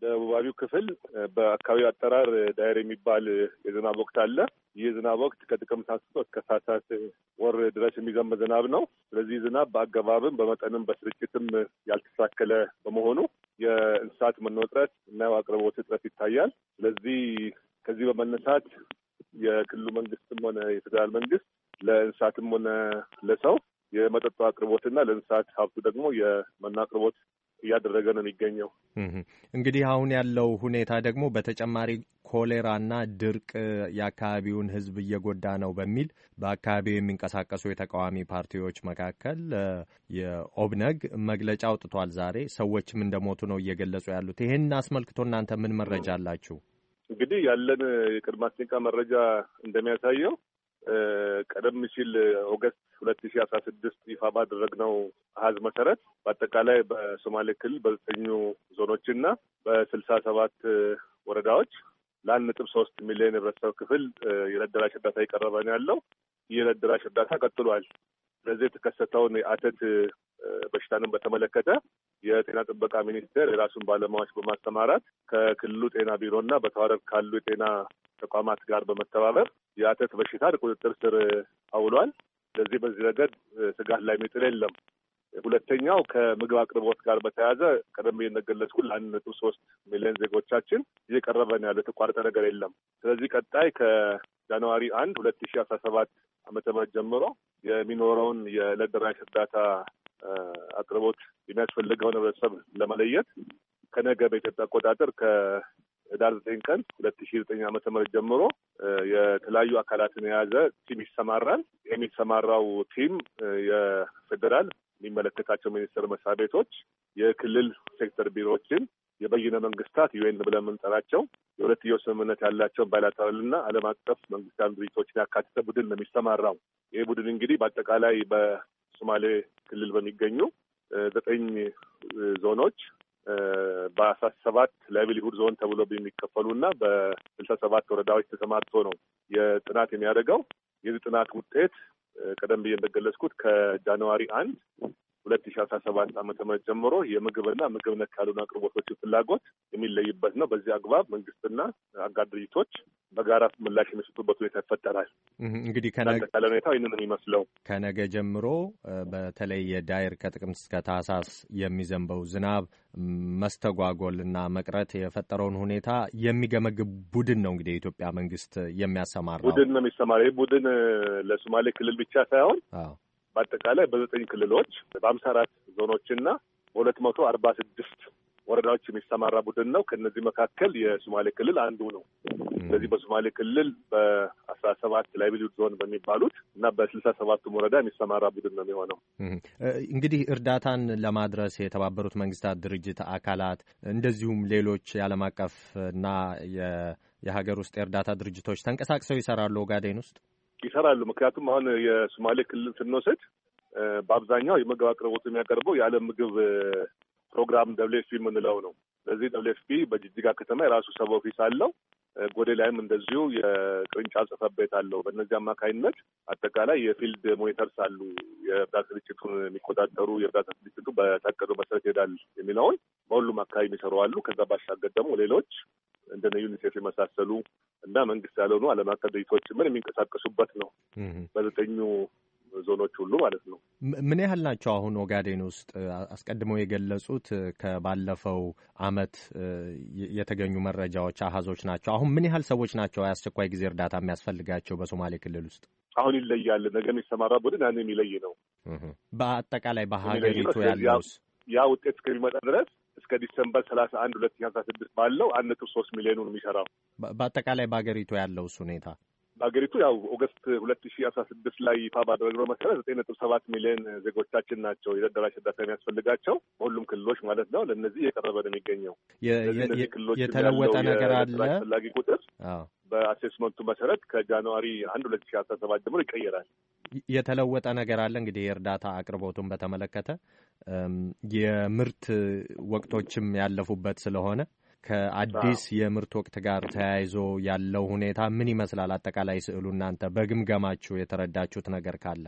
ደቡባዊው ክፍል በአካባቢው አጠራር ዳይር የሚባል የዝናብ ወቅት አለ። ይህ ዝናብ ወቅት ከጥቅምት አንስቶ እስከ ታህሳስ ወር ድረስ የሚዘንብ ዝናብ ነው። ስለዚህ ዝናብ በአገባብም በመጠንም በስርጭትም ያልተሳከለ በመሆኑ የእንስሳት መኖ እጥረት እና የአቅርቦት እጥረት ይታያል። ስለዚህ ከዚህ በመነሳት የክልሉ መንግስትም ሆነ የፌዴራል መንግስት ለእንስሳትም ሆነ ለሰው የመጠጡ አቅርቦትና ለእንስሳት ሀብቱ ደግሞ የመና አቅርቦት እያደረገ ነው የሚገኘው። እንግዲህ አሁን ያለው ሁኔታ ደግሞ በተጨማሪ ኮሌራና ድርቅ የአካባቢውን ሕዝብ እየጎዳ ነው በሚል በአካባቢው የሚንቀሳቀሱ የተቃዋሚ ፓርቲዎች መካከል የኦብነግ መግለጫ አውጥቷል ዛሬ። ሰዎችም እንደሞቱ ነው እየገለጹ ያሉት። ይህን አስመልክቶ እናንተ ምን መረጃ አላችሁ? እንግዲህ ያለን የቅድመ መረጃ እንደሚያሳየው ቀደም ሲል ኦገስት ሁለት ሺ አስራ ስድስት ይፋ ባደረግነው አሀዝ መሰረት በአጠቃላይ በሶማሌ ክልል በዘጠኙ ዞኖችና በስልሳ ሰባት ወረዳዎች ለአንድ ነጥብ ሶስት ሚሊዮን ህብረተሰብ ክፍል የለደራሽ እርዳታ እየቀረበ ነው ያለው። ይህ ለደራሽ እርዳታ ቀጥሏል። ስለዚህ የተከሰተውን የአተት በሽታንም በተመለከተ የጤና ጥበቃ ሚኒስቴር የራሱን ባለሙያዎች በማስተማራት ከክልሉ ጤና ቢሮና በተዋረድ ካሉ የጤና ተቋማት ጋር በመተባበር የአተት በሽታን ቁጥጥር ስር አውሏል። ስለዚህ በዚህ ረገድ ስጋት ላይ የሚጥል የለም። ሁለተኛው ከምግብ አቅርቦት ጋር በተያያዘ ቀደም እንደገለጽኩ ለአንድ ነጥብ ሶስት ሚሊዮን ዜጎቻችን እየቀረበ ነው ያለው፣ የተቋረጠ ነገር የለም። ስለዚህ ቀጣይ ከጃንዋሪ አንድ ሁለት ሺ አስራ ሰባት ዓመተ ምህረት ጀምሮ የሚኖረውን የዕለት ደራሽ እርዳታ አቅርቦት የሚያስፈልገውን ህብረተሰብ ለመለየት ከነገ በኢትዮጵያ አቆጣጠር ህዳር ዘጠኝ ቀን ሁለት ሺ ዘጠኝ ዓመተ ምህረት ጀምሮ የተለያዩ አካላትን የያዘ ቲም ይሰማራል። የሚሰማራው ቲም የፌዴራል የሚመለከታቸው ሚኒስቴር መስሪያ ቤቶች፣ የክልል ሴክተር ቢሮዎችን፣ የበይነ መንግስታት ዩኤን ብለን የምንጠራቸው የሁለትዮሽ ስምምነት ያላቸው ባይላተራልና ዓለም አቀፍ መንግስታዊ ድርጅቶችን ያካተተ ቡድን ነው የሚሰማራው። ይህ ቡድን እንግዲህ በአጠቃላይ በሶማሌ ክልል በሚገኙ ዘጠኝ ዞኖች በአስራ ሰባት ሁድ ዞን ተብሎ የሚከፈሉ እና በስልሳ ሰባት ወረዳዎች ተሰማርቶ ነው የጥናት የሚያደርገው። የዚህ ጥናት ውጤት ቀደም ብዬ እንደገለጽኩት ከጃንዋሪ አንድ ሁለት ሺ አስራ ሰባት ዓመተ ምህረት ጀምሮ የምግብና ምግብ ነክ ያልሆኑ ፍላጎት የሚለይበት ነው። በዚህ አግባብ መንግስትና አጋር ድርጅቶች በጋራ ምላሽ የሚሰጡበት ሁኔታ ይፈጠራል። እንግዲህ ከነጠቃለ ሁኔታ ይህንን የሚመስለው ከነገ ጀምሮ በተለይ የዳይር ከጥቅምት እስከ ታህሳስ የሚዘንበው ዝናብ መስተጓጎልና መቅረት የፈጠረውን ሁኔታ የሚገመግብ ቡድን ነው እንግዲህ የኢትዮጵያ መንግስት የሚያሰማር ቡድን ነው የሚሰማራ። ይህ ቡድን ለሶማሌ ክልል ብቻ ሳይሆን በአጠቃላይ በዘጠኝ ክልሎች በአምሳ አራት ዞኖችና በሁለት መቶ አርባ ስድስት ወረዳዎች የሚሰማራ ቡድን ነው። ከእነዚህ መካከል የሶማሌ ክልል አንዱ ነው። ስለዚህ በሶማሌ ክልል በአስራ ሰባት ላይብሊሁድ ዞን በሚባሉት እና በስልሳ ሰባቱም ወረዳ የሚሰማራ ቡድን ነው የሚሆነው። እንግዲህ እርዳታን ለማድረስ የተባበሩት መንግስታት ድርጅት አካላት እንደዚሁም ሌሎች የዓለም አቀፍ እና የሀገር ውስጥ የእርዳታ ድርጅቶች ተንቀሳቅሰው ይሰራሉ። ኦጋዴን ውስጥ ይሰራሉ። ምክንያቱም አሁን የሶማሌ ክልል ስንወስድ በአብዛኛው የምግብ አቅርቦት የሚያቀርበው የዓለም ምግብ ፕሮግራም ደብሌፍፒ የምንለው ነው። ስለዚህ ደብሌፍፒ በጅጅጋ ከተማ የራሱ ሰብ ኦፊስ አለው። ጎዴ ላይም እንደዚሁ የቅርንጫፍ ጽሕፈት ቤት አለው። በእነዚህ አማካኝነት አጠቃላይ የፊልድ ሞኒተርስ አሉ። የእርዳታ ስርጭቱን የሚቆጣጠሩ የእርዳታ ስርጭቱ በታቀደው መሰረት ይሄዳል የሚለውን በሁሉም አካባቢ የሚሰሩ አሉ። ከዛ ባሻገር ደግሞ ሌሎች እንደነ ዩኒሴፍ የመሳሰሉ እና መንግስት ያልሆኑ ዓለም አቀፍ ድርጅቶች ምን የሚንቀሳቀሱበት ነው በዘጠኙ ዞኖች ሁሉ ማለት ነው። ምን ያህል ናቸው አሁን ኦጋዴን ውስጥ? አስቀድመው የገለጹት ከባለፈው አመት የተገኙ መረጃዎች አሀዞች ናቸው። አሁን ምን ያህል ሰዎች ናቸው የአስቸኳይ ጊዜ እርዳታ የሚያስፈልጋቸው በሶማሌ ክልል ውስጥ? አሁን ይለያል። ነገ የሚሰማራ ቡድን ያን የሚለይ ነው። በአጠቃላይ በሀገሪቱ ያለውስ ያ ውጤት እስከሚመጣ ድረስ እስከ ዲሰምበር ሰላሳ አንድ ሁለት ሺህ አስራ ስድስት ባለው አንድ ነጥብ ሶስት ሚሊዮኑ ነው የሚሰራው። በአጠቃላይ በሀገሪቱ ያለው እሱ ሁኔታ በሀገሪቱ ያው ኦገስት ሁለት ሺ አስራ ስድስት ላይ ይፋ ባደረግነው መሰረት ዘጠኝ ነጥብ ሰባት ሚሊዮን ዜጎቻችን ናቸው የተደራሽ እርዳታ የሚያስፈልጋቸው በሁሉም ክልሎች ማለት ነው። ለእነዚህ እየቀረበ ነው የሚገኘው። የተለወጠ ነገር አለ። አስፈላጊ ቁጥር በአሴስመንቱ መሰረት ከጃንዋሪ አንድ ሁለት ሺ አስራ ሰባት ጀምሮ ይቀየራል። የተለወጠ ነገር አለ። እንግዲህ የእርዳታ አቅርቦቱን በተመለከተ የምርት ወቅቶችም ያለፉበት ስለሆነ ከአዲስ የምርት ወቅት ጋር ተያይዞ ያለው ሁኔታ ምን ይመስላል? አጠቃላይ ስዕሉ እናንተ በግምገማችሁ የተረዳችሁት ነገር ካለ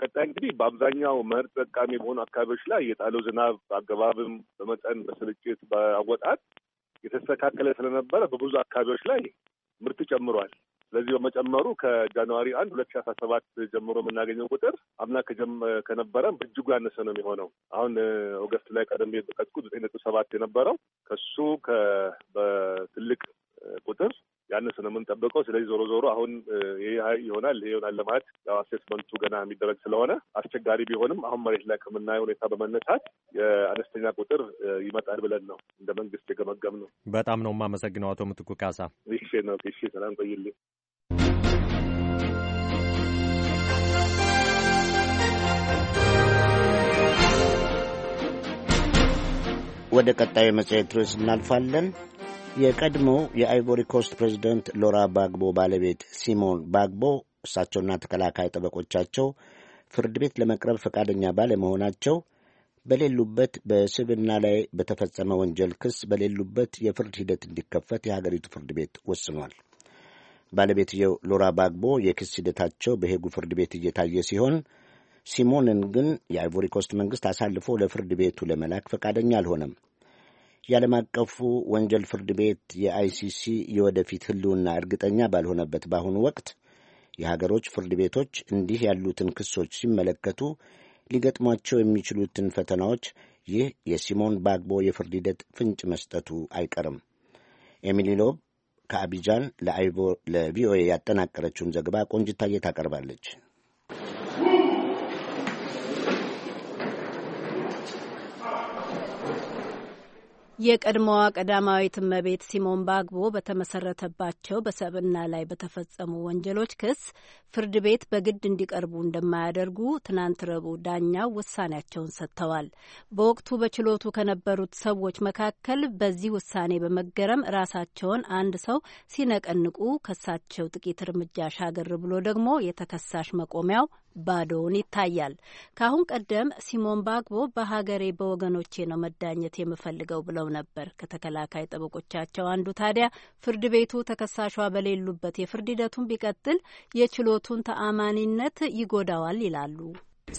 ቀጣይ እንግዲህ በአብዛኛው መኸር ጠቃሚ በሆኑ አካባቢዎች ላይ የጣለው ዝናብ በአገባብም፣ በመጠን፣ በስርጭት፣ በአወጣት የተስተካከለ ስለነበረ በብዙ አካባቢዎች ላይ ምርት ጨምሯል። ስለዚህ በመጨመሩ ከጃንዋሪ አንድ ሁለት ሺ አስራ ሰባት ጀምሮ የምናገኘው ቁጥር አምና ከነበረም በእጅጉ ያነሰ ነው የሚሆነው። አሁን ኦገስት ላይ ቀደም የጠቀስኩት ዘጠኝ ነጥብ ሰባት የነበረው ከሱ በትልቅ ቁጥር ያነሰ ነው የምንጠብቀው። ስለዚህ ዞሮ ዞሮ አሁን ይህ ይሆናል ይህ ይሆናል ለማለት ያው አሴስመንቱ ገና የሚደረግ ስለሆነ አስቸጋሪ ቢሆንም አሁን መሬት ላይ ከምናየው ሁኔታ በመነሳት የአነስተኛ ቁጥር ይመጣል ብለን ነው እንደ መንግስት የገመገም ነው። በጣም ነው የማመሰግነው አቶ ምትኩ ካሳ። ይሽ ነው ይሽ። ሰላም ቆይልኝ። ወደ ቀጣዩ መጽሔት ርዕስ እናልፋለን። የቀድሞው የአይቮሪ ኮስት ፕሬዚደንት ሎራ ባግቦ ባለቤት ሲሞን ባግቦ እሳቸውና ተከላካይ ጠበቆቻቸው ፍርድ ቤት ለመቅረብ ፈቃደኛ ባለመሆናቸው በሌሉበት በስብና ላይ በተፈጸመ ወንጀል ክስ በሌሉበት የፍርድ ሂደት እንዲከፈት የሀገሪቱ ፍርድ ቤት ወስኗል። ባለቤትየው ሎራ ባግቦ የክስ ሂደታቸው በሄጉ ፍርድ ቤት እየታየ ሲሆን ሲሞንን ግን የአይቮሪ ኮስት መንግሥት አሳልፎ ለፍርድ ቤቱ ለመላክ ፈቃደኛ አልሆነም። የዓለም አቀፉ ወንጀል ፍርድ ቤት የአይሲሲ የወደፊት ሕልውና እርግጠኛ ባልሆነበት በአሁኑ ወቅት የሀገሮች ፍርድ ቤቶች እንዲህ ያሉትን ክሶች ሲመለከቱ ሊገጥሟቸው የሚችሉትን ፈተናዎች ይህ የሲሞን ባግቦ የፍርድ ሂደት ፍንጭ መስጠቱ አይቀርም። ኤሚሊ ሎብ ከአቢጃን ለቪኦኤ ያጠናቀረችውን ዘገባ ቆንጅታዬ ታቀርባለች። የቀድሞዋ ቀዳማዊት እመቤት ሲሞን ባግቦ በተመሰረተባቸው በሰብና ላይ በተፈጸሙ ወንጀሎች ክስ ፍርድ ቤት በግድ እንዲቀርቡ እንደማያደርጉ ትናንት ረቡዕ ዳኛው ውሳኔያቸውን ሰጥተዋል። በወቅቱ በችሎቱ ከነበሩት ሰዎች መካከል በዚህ ውሳኔ በመገረም ራሳቸውን አንድ ሰው ሲነቀንቁ ከሳቸው ጥቂት እርምጃ ሻገር ብሎ ደግሞ የተከሳሽ መቆሚያው ባዶውን ይታያል። ከአሁን ቀደም ሲሞን ባግቦ በሀገሬ በወገኖቼ ነው መዳኘት የምፈልገው ብለው ነበር። ከተከላካይ ጠበቆቻቸው አንዱ ታዲያ ፍርድ ቤቱ ተከሳሿ በሌሉበት የፍርድ ሂደቱን ቢቀጥል የችሎቱን ተአማኒነት ይጎዳዋል ይላሉ።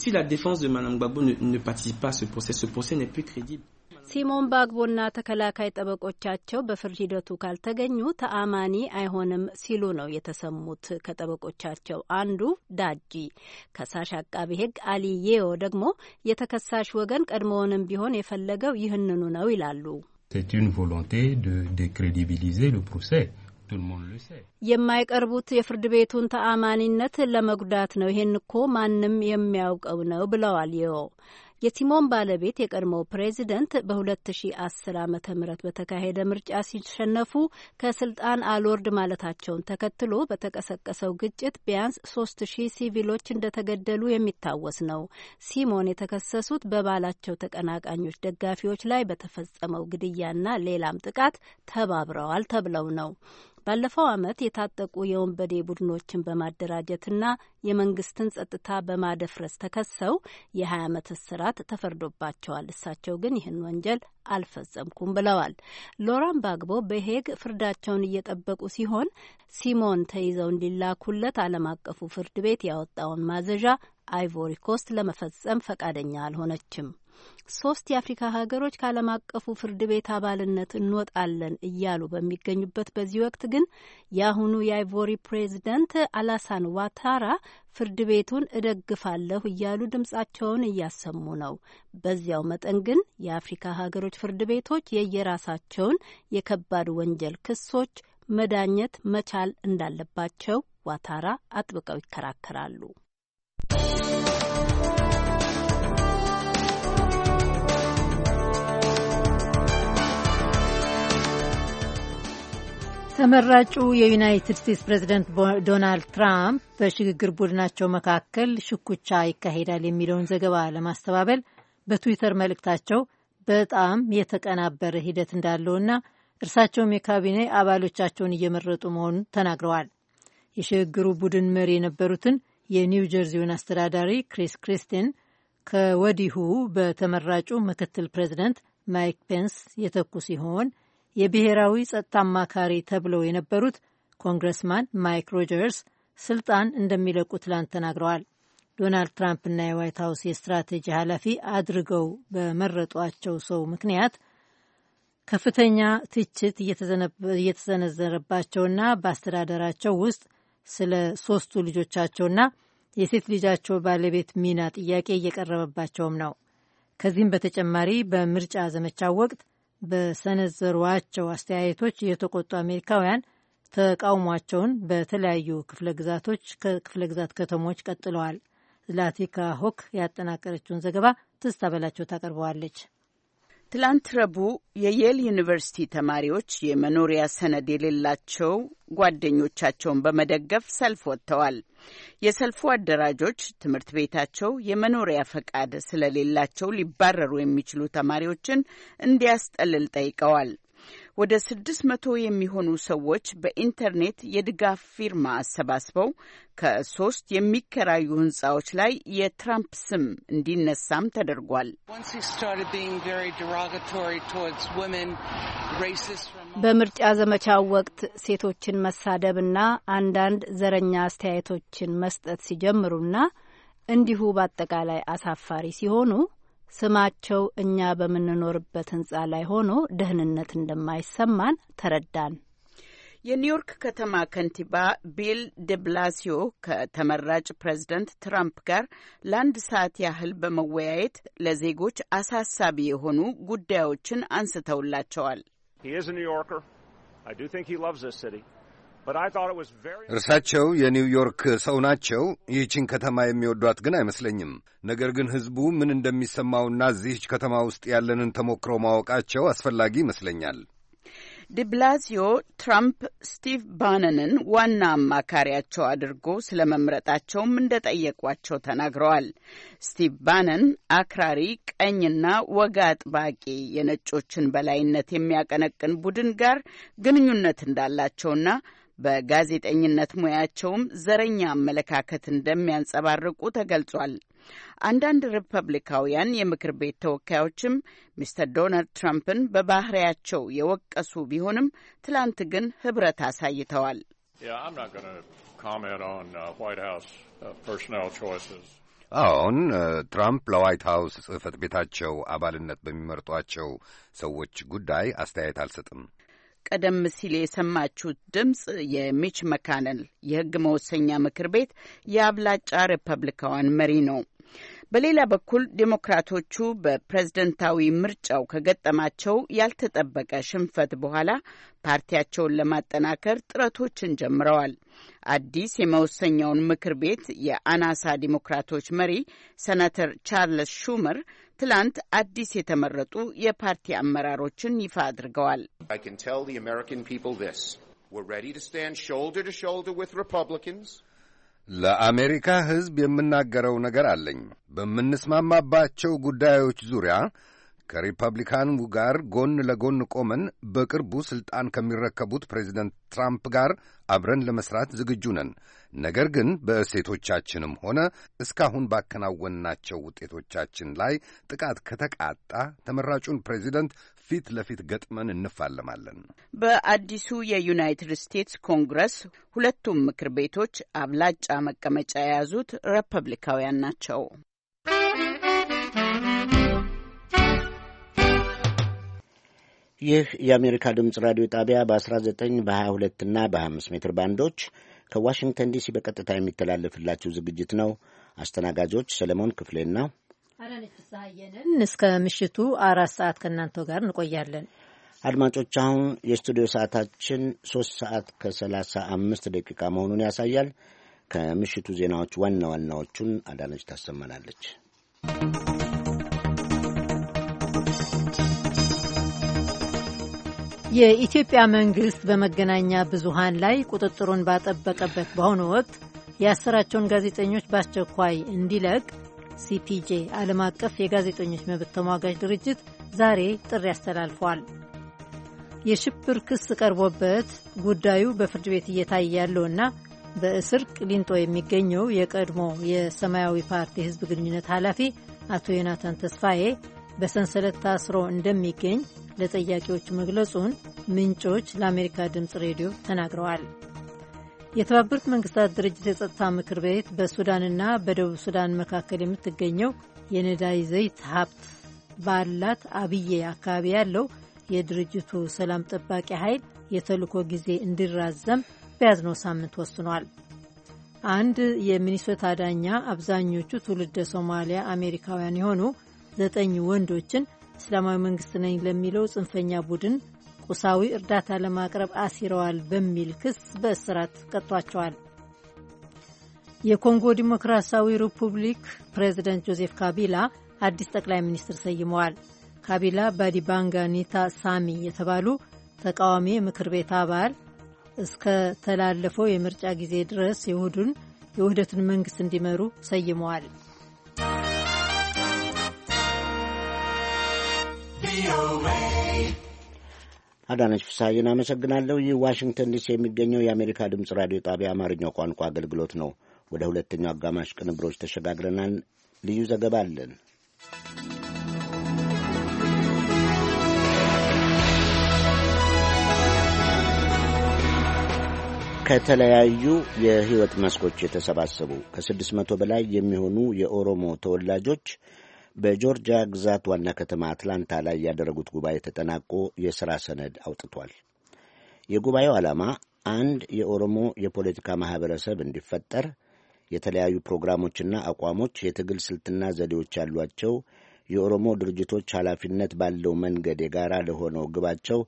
Si la défense de Gbagbo ne, ne participe pas à ce procès, ce procès n'est plus crédible. ሲሞን ባግቦና ተከላካይ ጠበቆቻቸው በፍርድ ሂደቱ ካልተገኙ ተአማኒ አይሆንም ሲሉ ነው የተሰሙት። ከጠበቆቻቸው አንዱ ዳጂ ከሳሽ አቃቤ ሕግ የዮ ደግሞ የተከሳሽ ወገን ቀድሞውንም ቢሆን የፈለገው ይህንኑ ነው ይላሉ። የማይቀርቡት የፍርድ ቤቱን ተአማኒነት ለመጉዳት ነው። ይህን እኮ ማንም የሚያውቀው ነው ብለዋል። የዮ የቲሞን ባለቤት የቀድሞው ፕሬዚደንት በ2010 ዓ ም በተካሄደ ምርጫ ሲሸነፉ ከስልጣን አልወርድ ማለታቸውን ተከትሎ በተቀሰቀሰው ግጭት ቢያንስ ሶስት ሺ ሲቪሎች እንደተገደሉ የሚታወስ ነው። ሲሞን የተከሰሱት በባላቸው ተቀናቃኞች ደጋፊዎች ላይ በተፈጸመው ግድያና ሌላም ጥቃት ተባብረዋል ተብለው ነው። ባለፈው ዓመት የታጠቁ የወንበዴ ቡድኖችን በማደራጀትና የመንግስትን ጸጥታ በማደፍረስ ተከሰው የ20 ዓመት እስራት ተፈርዶባቸዋል። እሳቸው ግን ይህን ወንጀል አልፈጸምኩም ብለዋል። ሎራን ባግቦ በሄግ ፍርዳቸውን እየጠበቁ ሲሆን ሲሞን ተይዘው እንዲላኩለት ዓለም አቀፉ ፍርድ ቤት ያወጣውን ማዘዣ አይቮሪ ኮስት ለመፈጸም ፈቃደኛ አልሆነችም። ሶስት የአፍሪካ ሀገሮች ከዓለም አቀፉ ፍርድ ቤት አባልነት እንወጣለን እያሉ በሚገኙበት በዚህ ወቅት ግን የአሁኑ የአይቮሪ ፕሬዚደንት አላሳን ዋታራ ፍርድ ቤቱን እደግፋለሁ እያሉ ድምጻቸውን እያሰሙ ነው። በዚያው መጠን ግን የአፍሪካ ሀገሮች ፍርድ ቤቶች የየራሳቸውን የከባድ ወንጀል ክሶች መዳኘት መቻል እንዳለባቸው ዋታራ አጥብቀው ይከራከራሉ። ተመራጩ የዩናይትድ ስቴትስ ፕሬዚደንት ዶናልድ ትራምፕ በሽግግር ቡድናቸው መካከል ሽኩቻ ይካሄዳል የሚለውን ዘገባ ለማስተባበል በትዊተር መልእክታቸው በጣም የተቀናበረ ሂደት እንዳለውና እርሳቸውም የካቢኔ አባሎቻቸውን እየመረጡ መሆኑን ተናግረዋል። የሽግግሩ ቡድን መሪ የነበሩትን የኒው ጀርዚውን አስተዳዳሪ ክሪስ ክሪስቲን ከወዲሁ በተመራጩ ምክትል ፕሬዚደንት ማይክ ፔንስ የተኩ ሲሆን የብሔራዊ ጸጥታ አማካሪ ተብለው የነበሩት ኮንግረስማን ማይክ ሮጀርስ ስልጣን እንደሚለቁ ትላንት ተናግረዋል። ዶናልድ ትራምፕና የዋይት ሀውስ የስትራቴጂ ኃላፊ አድርገው በመረጧቸው ሰው ምክንያት ከፍተኛ ትችት እየተዘነዘረባቸውና በአስተዳደራቸው ውስጥ ስለ ሶስቱ ልጆቻቸውና የሴት ልጃቸው ባለቤት ሚና ጥያቄ እየቀረበባቸውም ነው። ከዚህም በተጨማሪ በምርጫ ዘመቻ ወቅት በሰነዘሯቸው አስተያየቶች የተቆጡ አሜሪካውያን ተቃውሟቸውን በተለያዩ ክፍለ ግዛቶች ከክፍለ ግዛት ከተሞች ቀጥለዋል። ዝላቲካ ሆክ ያጠናቀረችውን ዘገባ ትስታ በላቸው ታቀርበዋለች። ትላንት ረቡዕ የየል ዩኒቨርሲቲ ተማሪዎች የመኖሪያ ሰነድ የሌላቸው ጓደኞቻቸውን በመደገፍ ሰልፍ ወጥተዋል። የሰልፉ አደራጆች ትምህርት ቤታቸው የመኖሪያ ፈቃድ ስለሌላቸው ሊባረሩ የሚችሉ ተማሪዎችን እንዲያስጠልል ጠይቀዋል። ወደ ስድስት መቶ የሚሆኑ ሰዎች በኢንተርኔት የድጋፍ ፊርማ አሰባስበው ከሶስት የሚከራዩ ህንጻዎች ላይ የትራምፕ ስም እንዲነሳም ተደርጓል። በምርጫ ዘመቻው ወቅት ሴቶችን መሳደብና አንዳንድ ዘረኛ አስተያየቶችን መስጠት ሲጀምሩና እንዲሁ በአጠቃላይ አሳፋሪ ሲሆኑ ስማቸው እኛ በምንኖርበት ህንጻ ላይ ሆኖ ደህንነት እንደማይሰማን ተረዳን። የኒውዮርክ ከተማ ከንቲባ ቢል ደብላሲዮ ከተመራጭ ፕሬዝደንት ትራምፕ ጋር ለአንድ ሰዓት ያህል በመወያየት ለዜጎች አሳሳቢ የሆኑ ጉዳዮችን አንስተውላቸዋል። እርሳቸው የኒውዮርክ ሰው ናቸው። ይህችን ከተማ የሚወዷት ግን አይመስለኝም። ነገር ግን ሕዝቡ ምን እንደሚሰማውና እዚህች ከተማ ውስጥ ያለንን ተሞክሮ ማወቃቸው አስፈላጊ ይመስለኛል። ዲብላዚዮ ትራምፕ ስቲቭ ባነንን ዋና አማካሪያቸው አድርጎ ስለ መምረጣቸውም እንደጠየቋቸው ተናግረዋል። ስቲቭ ባነን አክራሪ ቀኝና ወግ አጥባቂ የነጮችን በላይነት የሚያቀነቅን ቡድን ጋር ግንኙነት እንዳላቸውና በጋዜጠኝነት ሙያቸውም ዘረኛ አመለካከት እንደሚያንጸባርቁ ተገልጿል። አንዳንድ ሪፐብሊካውያን የምክር ቤት ተወካዮችም ሚስተር ዶናልድ ትራምፕን በባህሪያቸው የወቀሱ ቢሆንም ትላንት ግን ኅብረት አሳይተዋል። uh, uh, አሁን uh, ትራምፕ ለዋይት ሀውስ ጽህፈት ቤታቸው አባልነት በሚመርጧቸው ሰዎች ጉዳይ አስተያየት አልሰጥም። ቀደም ሲል የሰማችሁት ድምፅ የሚች መካነል የህግ መወሰኛ ምክር ቤት የአብላጫ ሪፐብሊካውያን መሪ ነው። በሌላ በኩል ዴሞክራቶቹ በፕሬዝደንታዊ ምርጫው ከገጠማቸው ያልተጠበቀ ሽንፈት በኋላ ፓርቲያቸውን ለማጠናከር ጥረቶችን ጀምረዋል። አዲስ የመወሰኛውን ምክር ቤት የአናሳ ዴሞክራቶች መሪ ሰናተር ቻርልስ ሹመር ትላንት አዲስ የተመረጡ የፓርቲ አመራሮችን ይፋ አድርገዋል። ለአሜሪካ ሕዝብ የምናገረው ነገር አለኝ። በምንስማማባቸው ጉዳዮች ዙሪያ ከሪፐብሊካኑ ጋር ጎን ለጎን ቆመን በቅርቡ ስልጣን ከሚረከቡት ፕሬዚደንት ትራምፕ ጋር አብረን ለመስራት ዝግጁ ነን። ነገር ግን በእሴቶቻችንም ሆነ እስካሁን ባከናወንናቸው ውጤቶቻችን ላይ ጥቃት ከተቃጣ ተመራጩን ፕሬዚደንት ፊት ለፊት ገጥመን እንፋለማለን። በአዲሱ የዩናይትድ ስቴትስ ኮንግረስ ሁለቱም ምክር ቤቶች አብላጫ መቀመጫ የያዙት ሪፐብሊካውያን ናቸው። ይህ የአሜሪካ ድምፅ ራዲዮ ጣቢያ በ19 በ22 እና በ25 ሜትር ባንዶች ከዋሽንግተን ዲሲ በቀጥታ የሚተላለፍላችሁ ዝግጅት ነው። አስተናጋጆች ሰለሞን ክፍሌና እስከ ምሽቱ አራት ሰዓት ከእናንተው ጋር እንቆያለን። አድማጮች አሁን የስቱዲዮ ሰዓታችን ሶስት ሰዓት ከሰላሳ አምስት ደቂቃ መሆኑን ያሳያል። ከምሽቱ ዜናዎች ዋና ዋናዎቹን አዳነች ታሰማናለች። የኢትዮጵያ መንግስት በመገናኛ ብዙሃን ላይ ቁጥጥሩን ባጠበቀበት በአሁኑ ወቅት ያሰራቸውን ጋዜጠኞች በአስቸኳይ እንዲለቅ ሲፒጄ ዓለም አቀፍ የጋዜጠኞች መብት ተሟጋች ድርጅት ዛሬ ጥሪ አስተላልፏል። የሽብር ክስ ቀርቦበት ጉዳዩ በፍርድ ቤት እየታየ ያለውና በእስር ቅሊንጦ የሚገኘው የቀድሞ የሰማያዊ ፓርቲ ህዝብ ግንኙነት ኃላፊ አቶ ዮናታን ተስፋዬ በሰንሰለት ታስሮ እንደሚገኝ ለጠያቂዎቹ መግለጹን ምንጮች ለአሜሪካ ድምፅ ሬዲዮ ተናግረዋል። የተባበሩት መንግስታት ድርጅት የጸጥታ ምክር ቤት በሱዳንና በደቡብ ሱዳን መካከል የምትገኘው የነዳጅ ዘይት ሀብት ባላት አብዬ አካባቢ ያለው የድርጅቱ ሰላም ጠባቂ ኃይል የተልእኮ ጊዜ እንዲራዘም በያዝነው ሳምንት ወስኗል። አንድ የሚኒሶታ ዳኛ አብዛኞቹ ትውልደ ሶማሊያ አሜሪካውያን የሆኑ ዘጠኝ ወንዶችን እስላማዊ መንግስት ነኝ ለሚለው ጽንፈኛ ቡድን ቁሳዊ እርዳታ ለማቅረብ አሲረዋል በሚል ክስ በእስራት ቀጥቷቸዋል። የኮንጎ ዲሞክራሲያዊ ሪፑብሊክ ፕሬዚደንት ጆዜፍ ካቢላ አዲስ ጠቅላይ ሚኒስትር ሰይመዋል። ካቢላ ባዲባንጋ ኒታ ሳሚ የተባሉ ተቃዋሚ የምክር ቤት አባል እስከ ተላለፈው የምርጫ ጊዜ ድረስ የውህዱን የውህደትን መንግስት እንዲመሩ ሰይመዋል። አዳነች ፍስሐዬን አመሰግናለሁ። ይህ ዋሽንግተን ዲሲ የሚገኘው የአሜሪካ ድምፅ ራዲዮ ጣቢያ አማርኛው ቋንቋ አገልግሎት ነው። ወደ ሁለተኛው አጋማሽ ቅንብሮች ተሸጋግረናል። ልዩ ዘገባ አለን። ከተለያዩ የሕይወት መስኮች የተሰባሰቡ ከስድስት መቶ በላይ የሚሆኑ የኦሮሞ ተወላጆች በጆርጂያ ግዛት ዋና ከተማ አትላንታ ላይ ያደረጉት ጉባኤ ተጠናቆ የሥራ ሰነድ አውጥቷል። የጉባኤው ዓላማ አንድ የኦሮሞ የፖለቲካ ማኅበረሰብ እንዲፈጠር የተለያዩ ፕሮግራሞችና አቋሞች፣ የትግል ስልትና ዘዴዎች ያሏቸው የኦሮሞ ድርጅቶች ኃላፊነት ባለው መንገድ የጋራ ለሆነው ግባቸው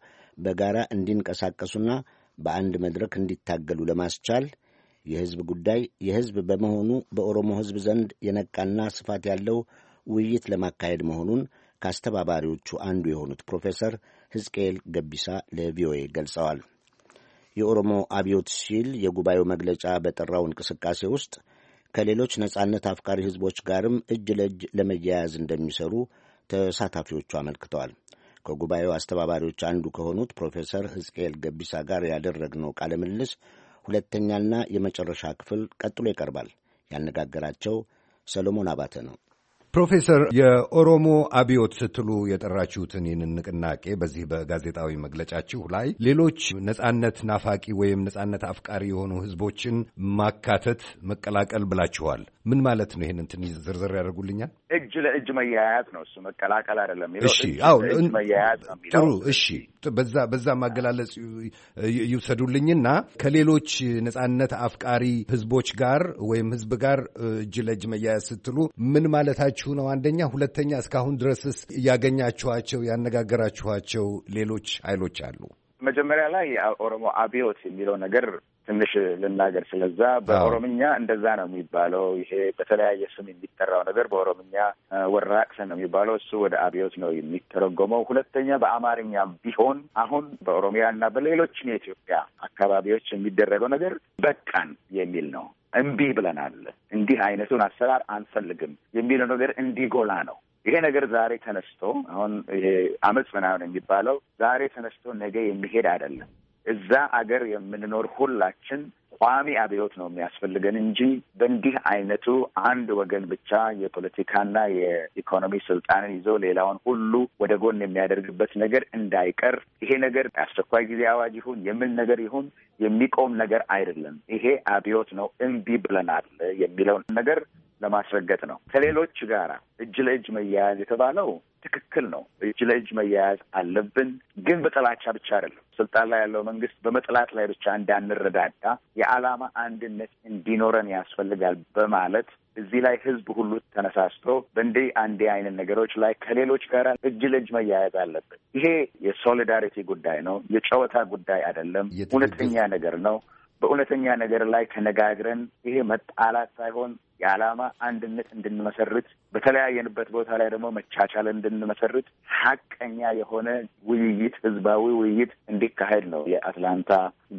በጋራ እንዲንቀሳቀሱና በአንድ መድረክ እንዲታገሉ ለማስቻል የሕዝብ ጉዳይ የሕዝብ በመሆኑ በኦሮሞ ሕዝብ ዘንድ የነቃና ስፋት ያለው ውይይት ለማካሄድ መሆኑን ከአስተባባሪዎቹ አንዱ የሆኑት ፕሮፌሰር ሕዝቅኤል ገቢሳ ለቪኦኤ ገልጸዋል። የኦሮሞ አብዮት ሲል የጉባኤው መግለጫ በጠራው እንቅስቃሴ ውስጥ ከሌሎች ነጻነት አፍቃሪ ሕዝቦች ጋርም እጅ ለእጅ ለመያያዝ እንደሚሰሩ ተሳታፊዎቹ አመልክተዋል። ከጉባኤው አስተባባሪዎች አንዱ ከሆኑት ፕሮፌሰር ሕዝቅኤል ገቢሳ ጋር ያደረግነው ቃለ ምልልስ ሁለተኛና የመጨረሻ ክፍል ቀጥሎ ይቀርባል። ያነጋገራቸው ሰሎሞን አባተ ነው። ፕሮፌሰር የኦሮሞ አብዮት ስትሉ የጠራችሁትን ይህንን ንቅናቄ በዚህ በጋዜጣዊ መግለጫችሁ ላይ ሌሎች ነጻነት ናፋቂ ወይም ነጻነት አፍቃሪ የሆኑ ህዝቦችን ማካተት መቀላቀል ብላችኋል። ምን ማለት ነው? ይህንን ትንሽ ዝርዝር ያደርጉልኛል? እጅ ለእጅ መያያዝ ነው እሱ፣ መቀላቀል አይደለም። እሺ፣ አዎ፣ መያያዝ ነው ጥሩ። እሺ፣ በዛ በዛ ማገላለጽ ይውሰዱልኝና ከሌሎች ነጻነት አፍቃሪ ህዝቦች ጋር ወይም ህዝብ ጋር እጅ ለእጅ መያያዝ ስትሉ ምን ማለታችሁ እየሰራችሁ ነው? አንደኛ። ሁለተኛ እስካሁን ድረስስ እያገኛችኋቸው ያነጋገራችኋቸው ሌሎች ኃይሎች አሉ? መጀመሪያ ላይ ኦሮሞ አብዮት የሚለው ነገር ትንሽ ልናገር። ስለዛ በኦሮምኛ እንደዛ ነው የሚባለው። ይሄ በተለያየ ስም የሚጠራው ነገር በኦሮምኛ ወራቅሰ ነው የሚባለው። እሱ ወደ አብዮት ነው የሚተረጎመው። ሁለተኛ በአማርኛ ቢሆን አሁን በኦሮሚያ እና በሌሎች የኢትዮጵያ አካባቢዎች የሚደረገው ነገር በቃን የሚል ነው። እምቢ ብለናል። እንዲህ አይነቱን አሰራር አንፈልግም የሚለው ነገር እንዲጎላ ነው። ይሄ ነገር ዛሬ ተነስቶ አሁን ይሄ አመፅ ምናምን የሚባለው ዛሬ ተነስቶ ነገ የሚሄድ አይደለም። እዛ አገር የምንኖር ሁላችን ቋሚ አብዮት ነው የሚያስፈልገን እንጂ በእንዲህ አይነቱ አንድ ወገን ብቻ የፖለቲካና የኢኮኖሚ ስልጣንን ይዞ ሌላውን ሁሉ ወደ ጎን የሚያደርግበት ነገር እንዳይቀር ይሄ ነገር አስቸኳይ ጊዜ አዋጅ ይሁን የምን ነገር ይሁን የሚቆም ነገር አይደለም። ይሄ አብዮት ነው፣ እምቢ ብለናል የሚለውን ነገር ለማስረገጥ ነው። ከሌሎች ጋራ እጅ ለእጅ መያያዝ የተባለው ትክክል ነው። እጅ ለእጅ መያያዝ አለብን፣ ግን በጥላቻ ብቻ አይደለም። ስልጣን ላይ ያለው መንግስት በመጥላት ላይ ብቻ እንዳንረዳዳ የዓላማ አንድነት እንዲኖረን ያስፈልጋል በማለት እዚህ ላይ ህዝብ ሁሉ ተነሳስቶ በእንዲህ አንዴ አይነት ነገሮች ላይ ከሌሎች ጋር እጅ ለእጅ መያያዝ አለበት። ይሄ የሶሊዳሪቲ ጉዳይ ነው። የጨዋታ ጉዳይ አይደለም። እውነተኛ ነገር ነው። በእውነተኛ ነገር ላይ ተነጋግረን ይሄ መጣላት ሳይሆን የዓላማ አንድነት እንድንመሰርት በተለያየንበት ቦታ ላይ ደግሞ መቻቻል እንድንመሰርት ሀቀኛ የሆነ ውይይት ህዝባዊ ውይይት እንዲካሄድ ነው የአትላንታ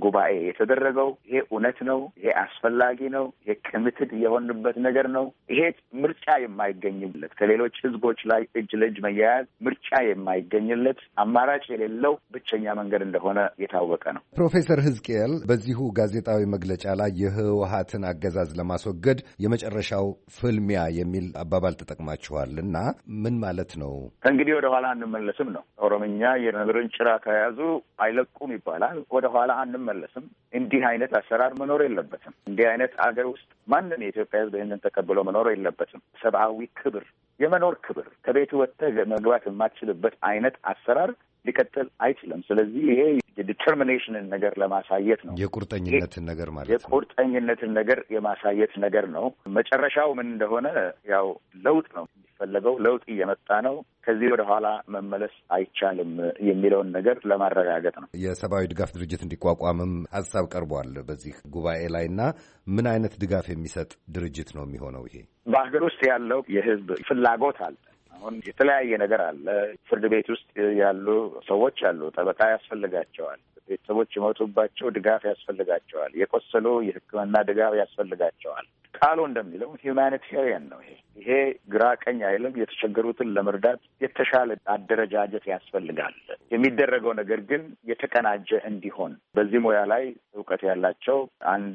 ጉባኤ የተደረገው ይሄ እውነት ነው፣ ይሄ አስፈላጊ ነው፣ ይሄ ክምትት የሆንበት ነገር ነው። ይሄ ምርጫ የማይገኝለት ከሌሎች ህዝቦች ላይ እጅ ለእጅ መያያዝ ምርጫ የማይገኝለት አማራጭ የሌለው ብቸኛ መንገድ እንደሆነ የታወቀ ነው። ፕሮፌሰር ህዝቅኤል በዚሁ ጋዜጣዊ መግለጫ ላይ የህወሀትን አገዛዝ ለማስወገድ የመጨረሻው ፍልሚያ የሚል አባባል ተጠቅማችኋል እና ምን ማለት ነው? ከእንግዲህ ወደኋላ አንመለስም ነው። ኦሮምኛ የነብርን ጭራ ከያዙ አይለቁም ይባላል። ወደኋላ አልመለስም። እንዲህ አይነት አሰራር መኖር የለበትም። እንዲህ አይነት አገር ውስጥ ማንም የኢትዮጵያ ሕዝብ ይህንን ተቀብሎ መኖር የለበትም። ሰብአዊ ክብር፣ የመኖር ክብር፣ ከቤት ወጥተህ መግባት የማትችልበት አይነት አሰራር ሊቀጥል አይችልም። ስለዚህ ይሄ የዲተርሚኔሽንን ነገር ለማሳየት ነው። የቁርጠኝነትን ነገር ማለት ነው። የቁርጠኝነትን ነገር የማሳየት ነገር ነው። መጨረሻው ምን እንደሆነ ያው ለውጥ ነው። የሚፈለገው ለውጥ እየመጣ ነው፣ ከዚህ ወደ ኋላ መመለስ አይቻልም የሚለውን ነገር ለማረጋገጥ ነው። የሰብአዊ ድጋፍ ድርጅት እንዲቋቋምም ሀሳብ ቀርቧል በዚህ ጉባኤ ላይ እና ምን አይነት ድጋፍ የሚሰጥ ድርጅት ነው የሚሆነው? ይሄ በሀገር ውስጥ ያለው የህዝብ ፍላጎት አለ። አሁን የተለያየ ነገር አለ። ፍርድ ቤት ውስጥ ያሉ ሰዎች አሉ፣ ጠበቃ ያስፈልጋቸዋል። ቤተሰቦች የሞቱባቸው ድጋፍ ያስፈልጋቸዋል። የቆሰሉ የሕክምና ድጋፍ ያስፈልጋቸዋል። ቃሉ እንደሚለው ሂውማኒቴሪያን ነው። ይሄ ይሄ ግራ ቀኝ አይልም። የተቸገሩትን ለመርዳት የተሻለ አደረጃጀት ያስፈልጋል። የሚደረገው ነገር ግን የተቀናጀ እንዲሆን በዚህ ሙያ ላይ እውቀት ያላቸው አንድ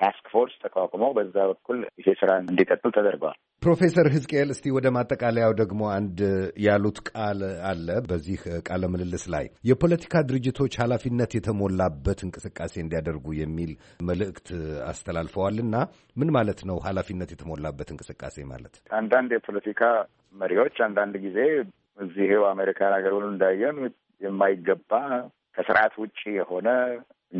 ታስክ ፎርስ ተቋቁመው በዛ በኩል ይሄ ስራ እንዲቀጥል ተደርገዋል። ፕሮፌሰር ህዝቅኤል እስቲ ወደ ማጠቃለያው ደግሞ አንድ ያሉት ቃል አለ። በዚህ ቃለ ምልልስ ላይ የፖለቲካ ድርጅቶች ኃላፊነት የተሞላበት እንቅስቃሴ እንዲያደርጉ የሚል መልእክት አስተላልፈዋል እና ምን ማለት ነው ኃላፊነት የተሞላበት እንቅስቃሴ ማለት? አንዳንድ የፖለቲካ መሪዎች አንዳንድ ጊዜ እዚህው አሜሪካን ሀገር እንዳየን የማይገባ ከስርዓት ውጭ የሆነ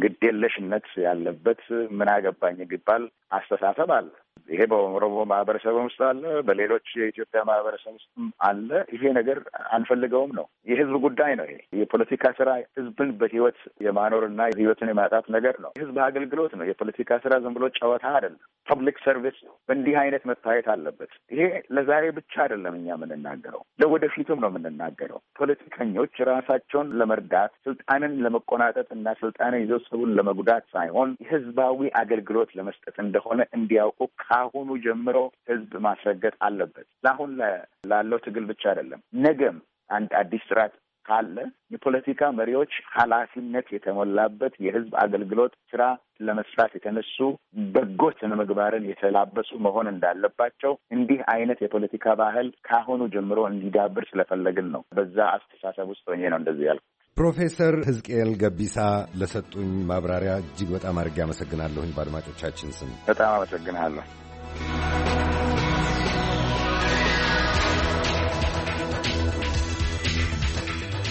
ግድ የለሽነት ያለበት ምን አገባኝ ይባል አስተሳሰብ አለ። ይሄ በኦሮሞ ማህበረሰብ ውስጥ አለ፣ በሌሎች የኢትዮጵያ ማህበረሰብ ውስጥም አለ። ይሄ ነገር አንፈልገውም ነው። የህዝብ ጉዳይ ነው። ይሄ የፖለቲካ ስራ ህዝብን በህይወት የማኖርና ህይወትን የማጣት ነገር ነው። የህዝብ አገልግሎት ነው። የፖለቲካ ስራ ዝም ብሎ ጨዋታ አይደለም። ፐብሊክ ሰርቪስ በእንዲህ አይነት መታየት አለበት። ይሄ ለዛሬ ብቻ አይደለም እኛ የምንናገረው፣ ለወደፊቱም ነው የምንናገረው። ፖለቲከኞች ራሳቸውን ለመርዳት ስልጣንን ለመቆናጠጥ እና ስልጣንን ይዘው ሰውን ለመጉዳት ሳይሆን ህዝባዊ አገልግሎት ለመስጠት እንደ እንደሆነ እንዲያውቁ ከአሁኑ ጀምሮ ህዝብ ማስረገጥ አለበት። ለአሁን ላለው ትግል ብቻ አይደለም፣ ነገም አንድ አዲስ ስርዓት ካለ የፖለቲካ መሪዎች ኃላፊነት የተሞላበት የህዝብ አገልግሎት ስራ ለመስራት የተነሱ በጎ ምግባርን የተላበሱ መሆን እንዳለባቸው እንዲህ አይነት የፖለቲካ ባህል ከአሁኑ ጀምሮ እንዲዳብር ስለፈለግን ነው። በዛ አስተሳሰብ ውስጥ ሆኜ ነው እንደዚህ ያልኩ። ፕሮፌሰር ህዝቅኤል ገቢሳ ለሰጡኝ ማብራሪያ እጅግ በጣም አድርጌ አመሰግናለሁኝ። በአድማጮቻችን ስም በጣም አመሰግናለሁ።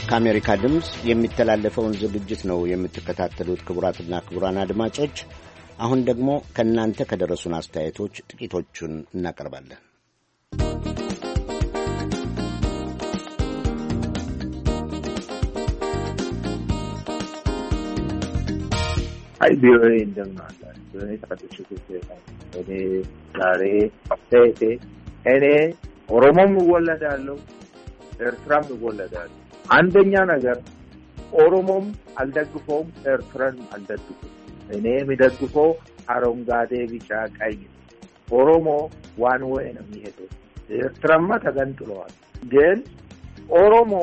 ከአሜሪካ ድምፅ የሚተላለፈውን ዝግጅት ነው የምትከታተሉት ክቡራትና ክቡራን አድማጮች። አሁን ደግሞ ከእናንተ ከደረሱን አስተያየቶች ጥቂቶቹን እናቀርባለን። አይ ቪኦኤ እንደምን አላችሁ? እኔ ዛሬ አስተያየቴ እኔ ኦሮሞም እወለዳለሁ፣ ኤርትራም እወለዳለሁ። አንደኛ ነገር ኦሮሞም አልደግፈውም፣ ኤርትራን አልደግፈውም። እኔ የሚደግፈው አረንጓዴ፣ ቢጫ፣ ቀይ። ኦሮሞ ዋን ወይ ነው የሚሄደው። ኤርትራማ ተገንጥለዋል። ግን ኦሮሞ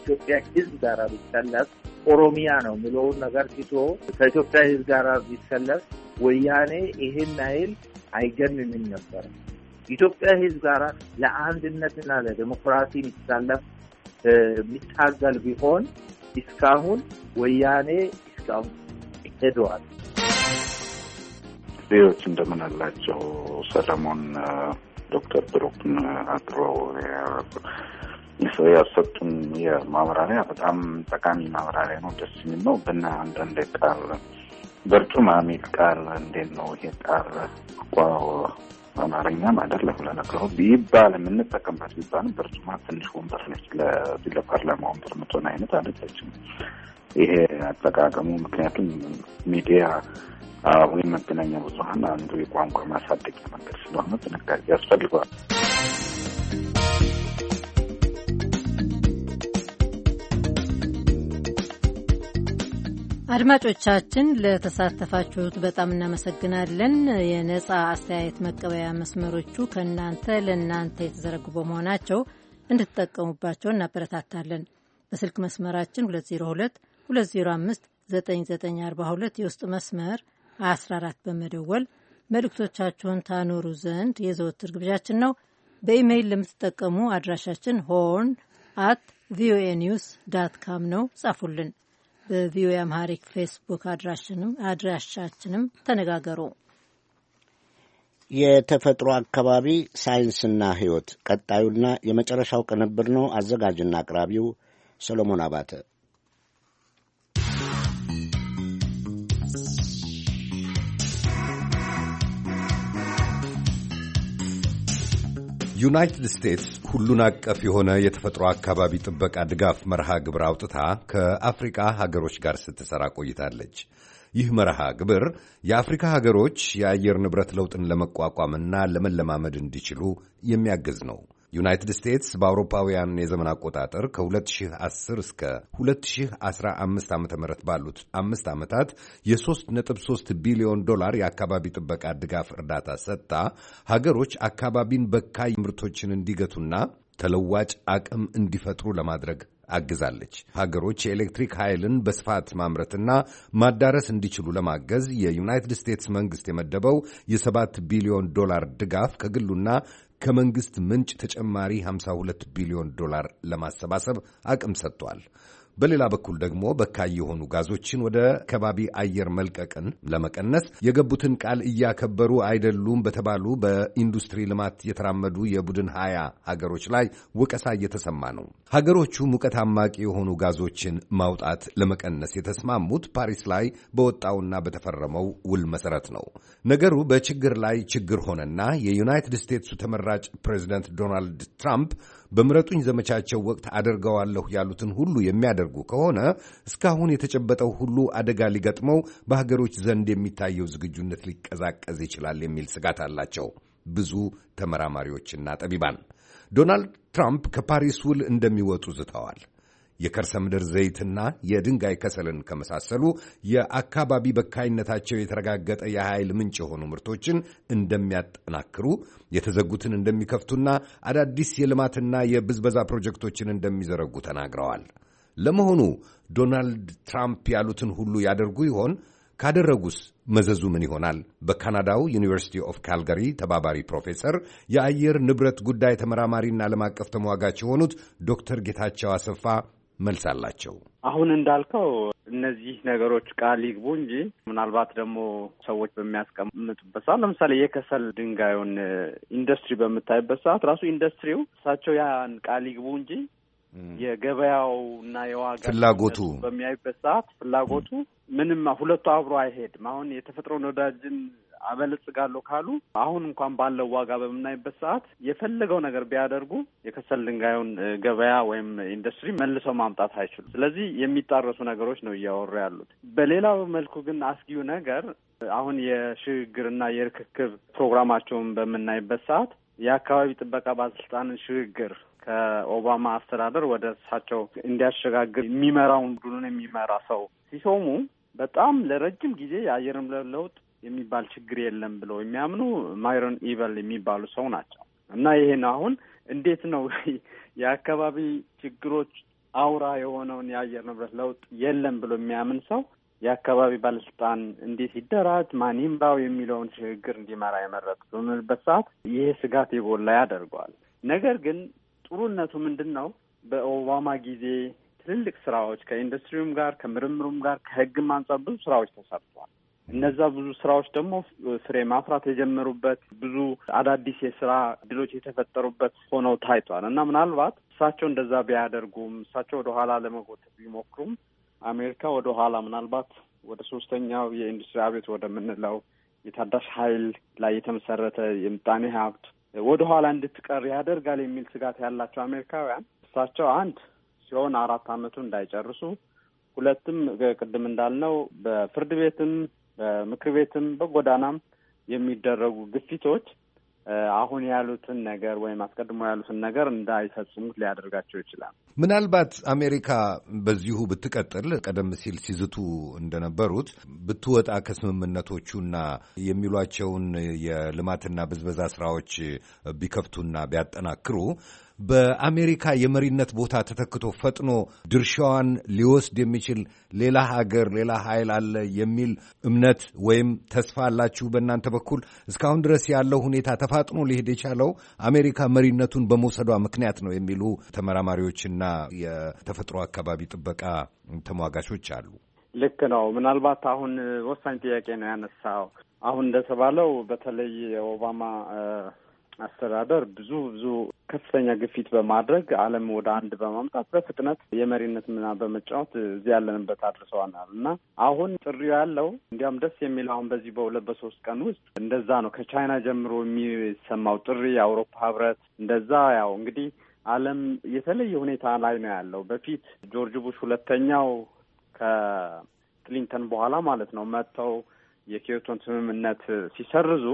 ኢትዮጵያ ህዝብ ጋር ቢሰለፍ ኦሮሚያ ነው የሚለውን ነገር ትቶ ከኢትዮጵያ ሕዝብ ጋር ቢሰለፍ ወያኔ ይህን ኃይል አይገምምም ነበር። ኢትዮጵያ ሕዝብ ጋር ለአንድነትና ለዴሞክራሲ የሚሳለፍ የሚታገል ቢሆን እስካሁን ወያኔ እስካሁን ሄደዋል። ሌሎች እንደምን ሰለሞን ዶክተር ብሩክን አድሮ ያሰጡን የማብራሪያ በጣም ጠቃሚ ማብራሪያ ነው። ደስ የሚል ነው። ብና አንዳንድ ቃል በርቱ ማሚል ቃል እንዴት ነው ይሄ ቃል እኳ አማርኛም አይደለም ለነገሩ ቢባል የምንጠቀምበት ቢባል በርቱማ ትንሽ ወንበር ነች። ለዚህ ለፓርላማ ወንበር ምትሆን አይነት አይደለችም። ይሄ አጠቃቀሙ ምክንያቱም ሚዲያ ወይም መገናኛ ብዙሀን አንዱ የቋንቋ ማሳደጊያ መንገድ ስለሆነ ጥንቃቄ ያስፈልገዋል። አድማጮቻችን ለተሳተፋችሁት በጣም እናመሰግናለን። የነጻ አስተያየት መቀበያ መስመሮቹ ከእናንተ ለእናንተ የተዘረጉ በመሆናቸው እንድትጠቀሙባቸው እናበረታታለን። በስልክ መስመራችን 202 205 9942 የውስጥ መስመር 14 በመደወል መልእክቶቻችሁን ታኖሩ ዘንድ የዘወትር ግብዣችን ነው። በኢሜይል ለምትጠቀሙ አድራሻችን ሆርን አት ቪኦኤ ኒውስ ዳት ካም ነው። ጻፉልን። በቪኦኤ አምሃሪክ ፌስቡክ አድራሻችንም ተነጋገሩ። የተፈጥሮ አካባቢ ሳይንስና ሕይወት ቀጣዩና የመጨረሻው ቅንብር ነው። አዘጋጅና አቅራቢው ሰሎሞን አባተ ዩናይትድ ስቴትስ ሁሉን አቀፍ የሆነ የተፈጥሮ አካባቢ ጥበቃ ድጋፍ መርሃ ግብር አውጥታ ከአፍሪካ ሀገሮች ጋር ስትሰራ ቆይታለች። ይህ መርሃ ግብር የአፍሪካ ሀገሮች የአየር ንብረት ለውጥን ለመቋቋምና ለመለማመድ እንዲችሉ የሚያግዝ ነው። ዩናይትድ ስቴትስ በአውሮፓውያን የዘመን አቆጣጠር ከ2010 እስከ 2015 ዓ ም ባሉት አምስት ዓመታት የ3.3 ቢሊዮን ዶላር የአካባቢ ጥበቃ ድጋፍ እርዳታ ሰጥታ ሀገሮች አካባቢን በካይ ምርቶችን እንዲገቱና ተለዋጭ አቅም እንዲፈጥሩ ለማድረግ አግዛለች። ሀገሮች የኤሌክትሪክ ኃይልን በስፋት ማምረትና ማዳረስ እንዲችሉ ለማገዝ የዩናይትድ ስቴትስ መንግስት የመደበው የሰባት ቢሊዮን ዶላር ድጋፍ ከግሉና ከመንግሥት ምንጭ ተጨማሪ 52 ቢሊዮን ዶላር ለማሰባሰብ አቅም ሰጥቷል። በሌላ በኩል ደግሞ በካይ የሆኑ ጋዞችን ወደ ከባቢ አየር መልቀቅን ለመቀነስ የገቡትን ቃል እያከበሩ አይደሉም በተባሉ በኢንዱስትሪ ልማት የተራመዱ የቡድን ሀያ ሀገሮች ላይ ወቀሳ እየተሰማ ነው። ሀገሮቹ ሙቀት አማቂ የሆኑ ጋዞችን ማውጣት ለመቀነስ የተስማሙት ፓሪስ ላይ በወጣውና በተፈረመው ውል መሰረት ነው። ነገሩ በችግር ላይ ችግር ሆነና የዩናይትድ ስቴትሱ ተመራጭ ፕሬዚደንት ዶናልድ ትራምፕ በምረጡኝ ዘመቻቸው ወቅት አደርገዋለሁ ያሉትን ሁሉ የሚያደርጉ ከሆነ እስካሁን የተጨበጠው ሁሉ አደጋ ሊገጥመው በሀገሮች ዘንድ የሚታየው ዝግጁነት ሊቀዛቀዝ ይችላል የሚል ስጋት አላቸው ብዙ ተመራማሪዎችና ጠቢባን። ዶናልድ ትራምፕ ከፓሪስ ውል እንደሚወጡ ዝተዋል። የከርሰ ምድር ዘይትና የድንጋይ ከሰልን ከመሳሰሉ የአካባቢ በካይነታቸው የተረጋገጠ የኃይል ምንጭ የሆኑ ምርቶችን እንደሚያጠናክሩ፣ የተዘጉትን እንደሚከፍቱና አዳዲስ የልማትና የብዝበዛ ፕሮጀክቶችን እንደሚዘረጉ ተናግረዋል። ለመሆኑ ዶናልድ ትራምፕ ያሉትን ሁሉ ያደርጉ ይሆን? ካደረጉስ መዘዙ ምን ይሆናል? በካናዳው ዩኒቨርሲቲ ኦፍ ካልጋሪ ተባባሪ ፕሮፌሰር የአየር ንብረት ጉዳይ ተመራማሪና ዓለም አቀፍ ተሟጋች የሆኑት ዶክተር ጌታቸው አሰፋ መልስ አላቸው። አሁን እንዳልከው እነዚህ ነገሮች ቃል ይግቡ እንጂ ምናልባት ደግሞ ሰዎች በሚያስቀምጡበት ሰዓት ለምሳሌ የከሰል ድንጋዩን ኢንዱስትሪ በምታይበት ሰዓት ራሱ ኢንዱስትሪው እሳቸው ያን ቃል ይግቡ እንጂ የገበያው እና የዋጋ ፍላጎቱ በሚያዩበት ሰዓት ፍላጎቱ ምንም ሁለቱ አብሮ አይሄድም። አሁን የተፈጥሮ ነዳጅን አበለጽጋለሁ ካሉ አሁን እንኳን ባለው ዋጋ በምናይበት ሰዓት የፈለገው ነገር ቢያደርጉ የከሰል ድንጋዩን ገበያ ወይም ኢንዱስትሪ መልሰው ማምጣት አይችሉም። ስለዚህ የሚጣረሱ ነገሮች ነው እያወሩ ያሉት። በሌላው መልኩ ግን አስጊው ነገር አሁን የሽግግርና የርክክብ ፕሮግራማቸውን በምናይበት ሰዓት የአካባቢ ጥበቃ ባለስልጣንን ሽግግር ከኦባማ አስተዳደር ወደ እሳቸው እንዲያሸጋግር የሚመራውን ቡድኑን የሚመራ ሰው ሲሾሙ በጣም ለረጅም ጊዜ የአየር ለውጥ የሚባል ችግር የለም ብለው የሚያምኑ ማይሮን ኢቨል የሚባሉ ሰው ናቸው እና ይሄን አሁን እንዴት ነው የአካባቢ ችግሮች አውራ የሆነውን የአየር ንብረት ለውጥ የለም ብሎ የሚያምን ሰው የአካባቢ ባለስልጣን እንዴት ይደራጅ፣ ማን ይምራው የሚለውን ሽግግር እንዲመራ የመረጡ በምንበት ሰዓት ይህ ስጋት የጎላ ያደርገዋል። ነገር ግን ጥሩነቱ ምንድን ነው? በኦባማ ጊዜ ትልልቅ ስራዎች ከኢንዱስትሪውም ጋር ከምርምሩም ጋር ከህግም አንጻር ብዙ ስራዎች ተሰርተዋል። እነዛ ብዙ ስራዎች ደግሞ ፍሬ ማፍራት የጀመሩበት ብዙ አዳዲስ የስራ እድሎች የተፈጠሩበት ሆነው ታይቷል እና ምናልባት እሳቸው እንደዛ ቢያደርጉም እሳቸው ወደ ኋላ ለመጎተት ቢሞክሩም አሜሪካ ወደ ኋላ ምናልባት ወደ ሶስተኛው የኢንዱስትሪ አቤት ወደምንለው የታዳሽ ኃይል ላይ የተመሰረተ የምጣኔ ሀብት ወደ ኋላ እንድትቀር ያደርጋል የሚል ስጋት ያላቸው አሜሪካውያን እሳቸው አንድ ሲሆን አራት አመቱ እንዳይጨርሱ ሁለትም ቅድም እንዳልነው በፍርድ ቤትም በምክር ቤትም በጎዳናም የሚደረጉ ግፊቶች አሁን ያሉትን ነገር ወይም አስቀድሞ ያሉትን ነገር እንዳይፈጽሙት ሊያደርጋቸው ይችላል። ምናልባት አሜሪካ በዚሁ ብትቀጥል ቀደም ሲል ሲዝቱ እንደነበሩት ብትወጣ ከስምምነቶቹና የሚሏቸውን የልማትና ብዝበዛ ስራዎች ቢከፍቱና ቢያጠናክሩ በአሜሪካ የመሪነት ቦታ ተተክቶ ፈጥኖ ድርሻዋን ሊወስድ የሚችል ሌላ ሀገር፣ ሌላ ኃይል አለ የሚል እምነት ወይም ተስፋ አላችሁ? በእናንተ በኩል እስካሁን ድረስ ያለው ሁኔታ ተፋጥኖ ሊሄድ የቻለው አሜሪካ መሪነቱን በመውሰዷ ምክንያት ነው የሚሉ ተመራማሪዎችና የተፈጥሮ አካባቢ ጥበቃ ተሟጋቾች አሉ። ልክ ነው። ምናልባት አሁን ወሳኝ ጥያቄ ነው ያነሳው። አሁን እንደተባለው በተለይ የኦባማ አስተዳደር ብዙ ብዙ ከፍተኛ ግፊት በማድረግ ዓለም ወደ አንድ በማምጣት በፍጥነት የመሪነት ምና በመጫወት እዚህ ያለንበት አድርሰዋናል እና አሁን ጥሪው ያለው እንዲያውም ደስ የሚለው አሁን በዚህ በሁለት በሶስት ቀን ውስጥ እንደዛ ነው ከቻይና ጀምሮ የሚሰማው ጥሪ የአውሮፓ ህብረት እንደዛ ያው እንግዲህ ዓለም የተለየ ሁኔታ ላይ ነው ያለው። በፊት ጆርጅ ቡሽ ሁለተኛው ከክሊንተን በኋላ ማለት ነው መጥተው የኪዮቶን ስምምነት ሲሰርዙ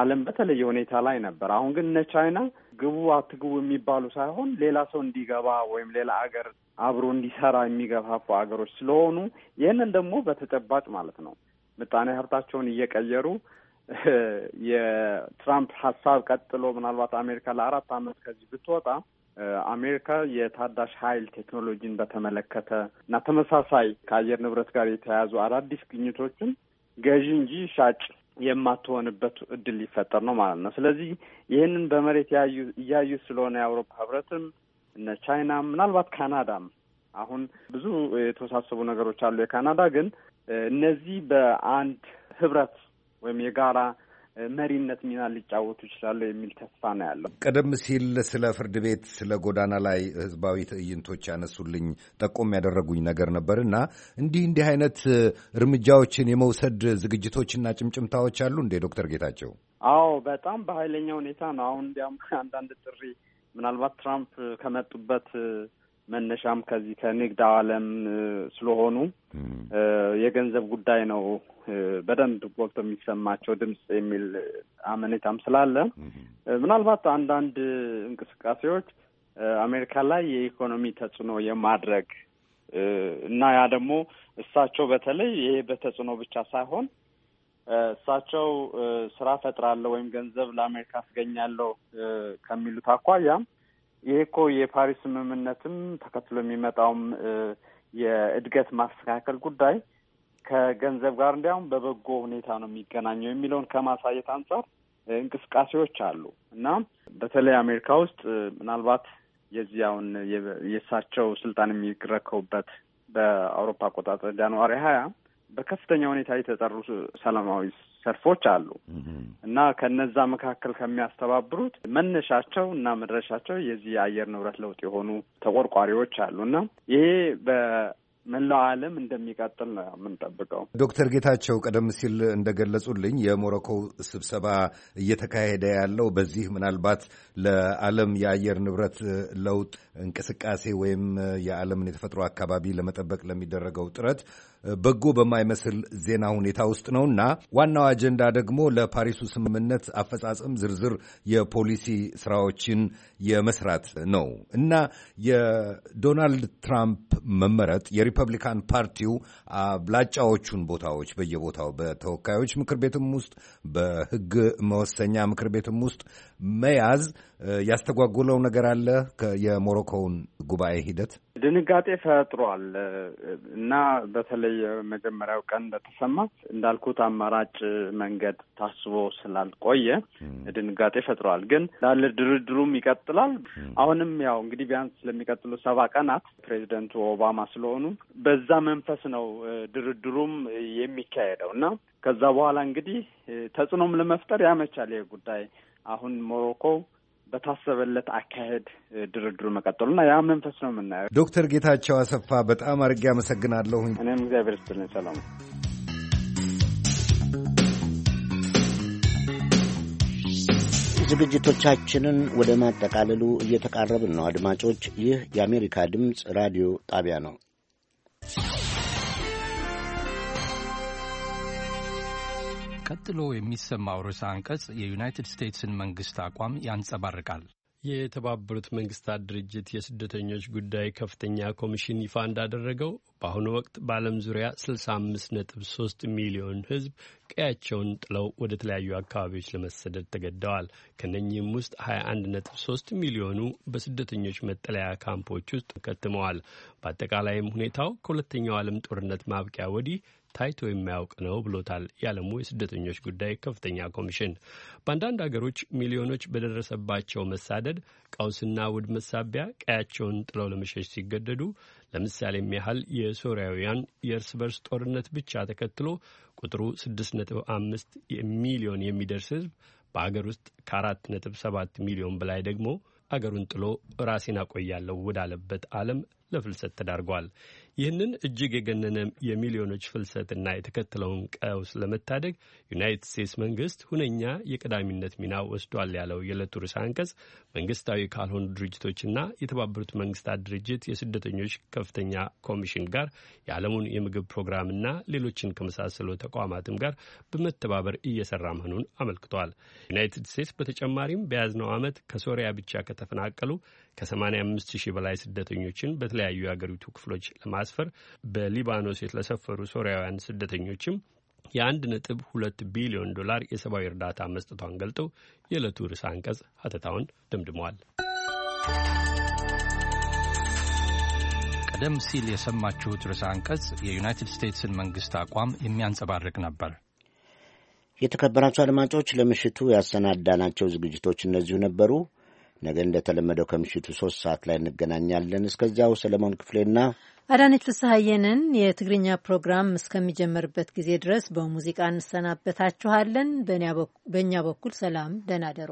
ዓለም በተለየ ሁኔታ ላይ ነበር። አሁን ግን እነ ቻይና ግቡ አትግቡ የሚባሉ ሳይሆን ሌላ ሰው እንዲገባ ወይም ሌላ አገር አብሮ እንዲሰራ የሚገፋፉ አገሮች ስለሆኑ ይህንን ደግሞ በተጨባጭ ማለት ነው ምጣኔ ሀብታቸውን እየቀየሩ የትራምፕ ሀሳብ ቀጥሎ ምናልባት አሜሪካ ለአራት ዓመት ከዚህ ብትወጣ አሜሪካ የታዳሽ ኃይል ቴክኖሎጂን በተመለከተ እና ተመሳሳይ ከአየር ንብረት ጋር የተያያዙ አዳዲስ ግኝቶችን ገዢ እንጂ ሻጭ የማትሆንበት እድል ሊፈጠር ነው ማለት ነው። ስለዚህ ይህንን በመሬት እያዩ ስለሆነ የአውሮፓ ህብረትም እነ ቻይናም ምናልባት ካናዳም አሁን ብዙ የተወሳሰቡ ነገሮች አሉ። የካናዳ ግን እነዚህ በአንድ ህብረት ወይም የጋራ መሪነት ሚና ሊጫወቱ ይችላሉ የሚል ተስፋ ነው ያለው። ቀደም ሲል ስለ ፍርድ ቤት፣ ስለ ጎዳና ላይ ህዝባዊ ትዕይንቶች ያነሱልኝ ጠቆም ያደረጉኝ ነገር ነበር እና እንዲህ እንዲህ አይነት እርምጃዎችን የመውሰድ ዝግጅቶችና ጭምጭምታዎች አሉ እንዴ ዶክተር ጌታቸው? አዎ በጣም በኃይለኛ ሁኔታ ነው። አሁን እንዲያውም አንዳንድ ጥሪ ምናልባት ትራምፕ ከመጡበት መነሻም ከዚህ ከንግድ ዓለም ስለሆኑ የገንዘብ ጉዳይ ነው በደንብ ጎልቶ የሚሰማቸው ድምፅ የሚል አመኔታም ስላለ ምናልባት አንዳንድ እንቅስቃሴዎች አሜሪካ ላይ የኢኮኖሚ ተጽዕኖ የማድረግ እና ያ ደግሞ እሳቸው በተለይ ይሄ በተጽዕኖ ብቻ ሳይሆን እሳቸው ስራ ፈጥራለሁ ወይም ገንዘብ ለአሜሪካ አስገኛለሁ ከሚሉት አኳያ ይሄ እኮ የፓሪስ ስምምነትም ተከትሎ የሚመጣውም የእድገት ማስተካከል ጉዳይ ከገንዘብ ጋር እንዲያውም በበጎ ሁኔታ ነው የሚገናኘው የሚለውን ከማሳየት አንጻር እንቅስቃሴዎች አሉ እና በተለይ አሜሪካ ውስጥ ምናልባት የዚያውን የእሳቸው ስልጣን የሚረከቡበት በአውሮፓ አቆጣጠር ጃንዋሪ ሀያ በከፍተኛ ሁኔታ የተጠሩ ሰላማዊ ሰልፎች አሉ እና ከነዛ መካከል ከሚያስተባብሩት መነሻቸው እና መድረሻቸው የዚህ የአየር ንብረት ለውጥ የሆኑ ተቆርቋሪዎች አሉ እና ይሄ በመላው ዓለም እንደሚቀጥል ነው የምንጠብቀው። ዶክተር ጌታቸው ቀደም ሲል እንደገለጹልኝ የሞሮኮው ስብሰባ እየተካሄደ ያለው በዚህ ምናልባት ለዓለም የአየር ንብረት ለውጥ እንቅስቃሴ ወይም የዓለምን የተፈጥሮ አካባቢ ለመጠበቅ ለሚደረገው ጥረት በጎ በማይመስል ዜና ሁኔታ ውስጥ ነውና ዋናው አጀንዳ ደግሞ ለፓሪሱ ስምምነት አፈጻጸም ዝርዝር የፖሊሲ ስራዎችን የመስራት ነው እና የዶናልድ ትራምፕ መመረጥ የሪፐብሊካን ፓርቲው አብላጫዎቹን ቦታዎች በየቦታው በተወካዮች ምክር ቤትም ውስጥ በሕግ መወሰኛ ምክር ቤትም ውስጥ መያዝ ያስተጓጉለው ነገር አለ። የሞሮኮውን ጉባኤ ሂደት ድንጋጤ ፈጥሯል እና በተለይ መጀመሪያው ቀን እንደተሰማ እንዳልኩት አማራጭ መንገድ ታስቦ ስላልቆየ ድንጋጤ ፈጥሯል። ግን ላለ ድርድሩም ይቀጥላል። አሁንም ያው እንግዲህ ቢያንስ ስለሚቀጥሉ ሰባ ቀናት ፕሬዚደንቱ ኦባማ ስለሆኑ በዛ መንፈስ ነው ድርድሩም የሚካሄደው እና ከዛ በኋላ እንግዲህ ተጽዕኖም ለመፍጠር ያመቻል ይህ ጉዳይ አሁን ሞሮኮ በታሰበለት አካሄድ ድርድሩ መቀጠሉና ያ መንፈስ ነው የምናየው። ዶክተር ጌታቸው አሰፋ በጣም አድርጌ አመሰግናለሁኝ። እኔም እግዚአብሔር ይስጥልኝ ሰላም ዝግጅቶቻችንን ወደ ማጠቃለሉ እየተቃረብን ነው። አድማጮች፣ ይህ የአሜሪካ ድምፅ ራዲዮ ጣቢያ ነው። ቀጥሎ የሚሰማው ርዕሰ አንቀጽ የዩናይትድ ስቴትስን መንግስት አቋም ያንጸባርቃል። የተባበሩት መንግስታት ድርጅት የስደተኞች ጉዳይ ከፍተኛ ኮሚሽን ይፋ እንዳደረገው በአሁኑ ወቅት በዓለም ዙሪያ 65.3 ሚሊዮን ሕዝብ ቀያቸውን ጥለው ወደ ተለያዩ አካባቢዎች ለመሰደድ ተገደዋል። ከነኚህም ውስጥ 21.3 ሚሊዮኑ በስደተኞች መጠለያ ካምፖች ውስጥ ከትመዋል። በአጠቃላይም ሁኔታው ከሁለተኛው ዓለም ጦርነት ማብቂያ ወዲህ ታይቶ የማያውቅ ነው ብሎታል የዓለሙ የስደተኞች ጉዳይ ከፍተኛ ኮሚሽን። በአንዳንድ አገሮች ሚሊዮኖች በደረሰባቸው መሳደድ፣ ቀውስና ውድመት ሳቢያ ቀያቸውን ጥለው ለመሸሽ ሲገደዱ ለምሳሌም ያህል የሶሪያውያን የእርስ በርስ ጦርነት ብቻ ተከትሎ ቁጥሩ 6.5 ሚሊዮን የሚደርስ ህዝብ በአገር ውስጥ ከ4.7 ሚሊዮን በላይ ደግሞ አገሩን ጥሎ ራሴን አቆያለሁ ወዳለበት ዓለም ለፍልሰት ተዳርጓል። ይህንን እጅግ የገነነ የሚሊዮኖች ፍልሰትና የተከተለውን ቀውስ ለመታደግ ዩናይትድ ስቴትስ መንግስት ሁነኛ የቀዳሚነት ሚና ወስዷል ያለው የዕለቱ ርዕሰ አንቀጽ መንግስታዊ ካልሆኑ ድርጅቶችና የተባበሩት መንግስታት ድርጅት የስደተኞች ከፍተኛ ኮሚሽን ጋር የዓለሙን የምግብ ፕሮግራምና ሌሎችን ከመሳሰሉ ተቋማትም ጋር በመተባበር እየሰራ መሆኑን አመልክቷል። ዩናይትድ ስቴትስ በተጨማሪም በያዝነው ዓመት ከሶሪያ ብቻ ከተፈናቀሉ ከ85 ሺህ በላይ ስደተኞችን በተለያዩ የአገሪቱ ክፍሎች ለማስፈር በሊባኖስ ለሰፈሩ ሶሪያውያን ስደተኞችም የአንድ ነጥብ ሁለት ቢሊዮን ዶላር የሰብአዊ እርዳታ መስጠቷን ገልጠው የዕለቱ ርዕሰ አንቀጽ ሀተታውን ደምድመዋል። ቀደም ሲል የሰማችሁት ርዕሰ አንቀጽ የዩናይትድ ስቴትስን መንግሥት አቋም የሚያንጸባርቅ ነበር። የተከበራቸው አድማጮች ለምሽቱ ያሰናዳናቸው ዝግጅቶች እነዚሁ ነበሩ። ነገ እንደተለመደው ከምሽቱ ሶስት ሰዓት ላይ እንገናኛለን። እስከዚያው ሰለሞን ክፍሌና አዳነች ፍስሐየንን የትግርኛ ፕሮግራም እስከሚጀመርበት ጊዜ ድረስ በሙዚቃ እንሰናበታችኋለን። በእኛ በኩል ሰላም፣ ደህና ደሩ።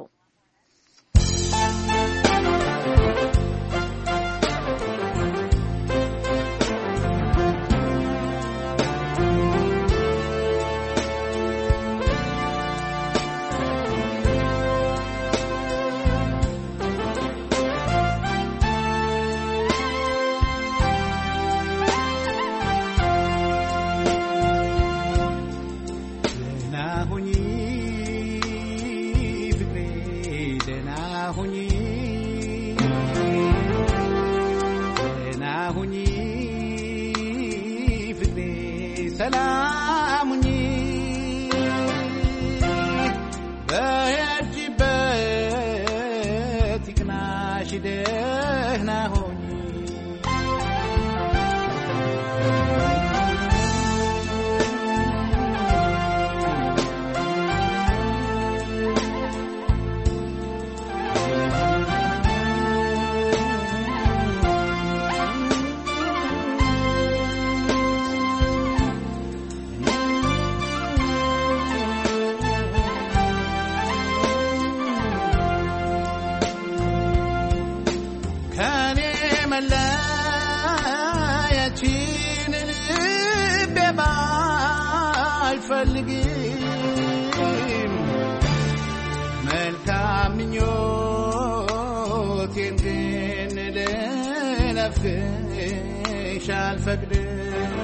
አልፈቅድም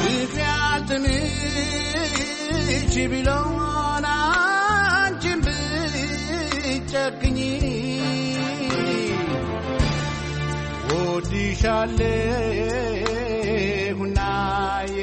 ፍቅር ያልትንሽ ቢለሆን አንቺን ብጨክኝ ወድሻለሁ ናዬ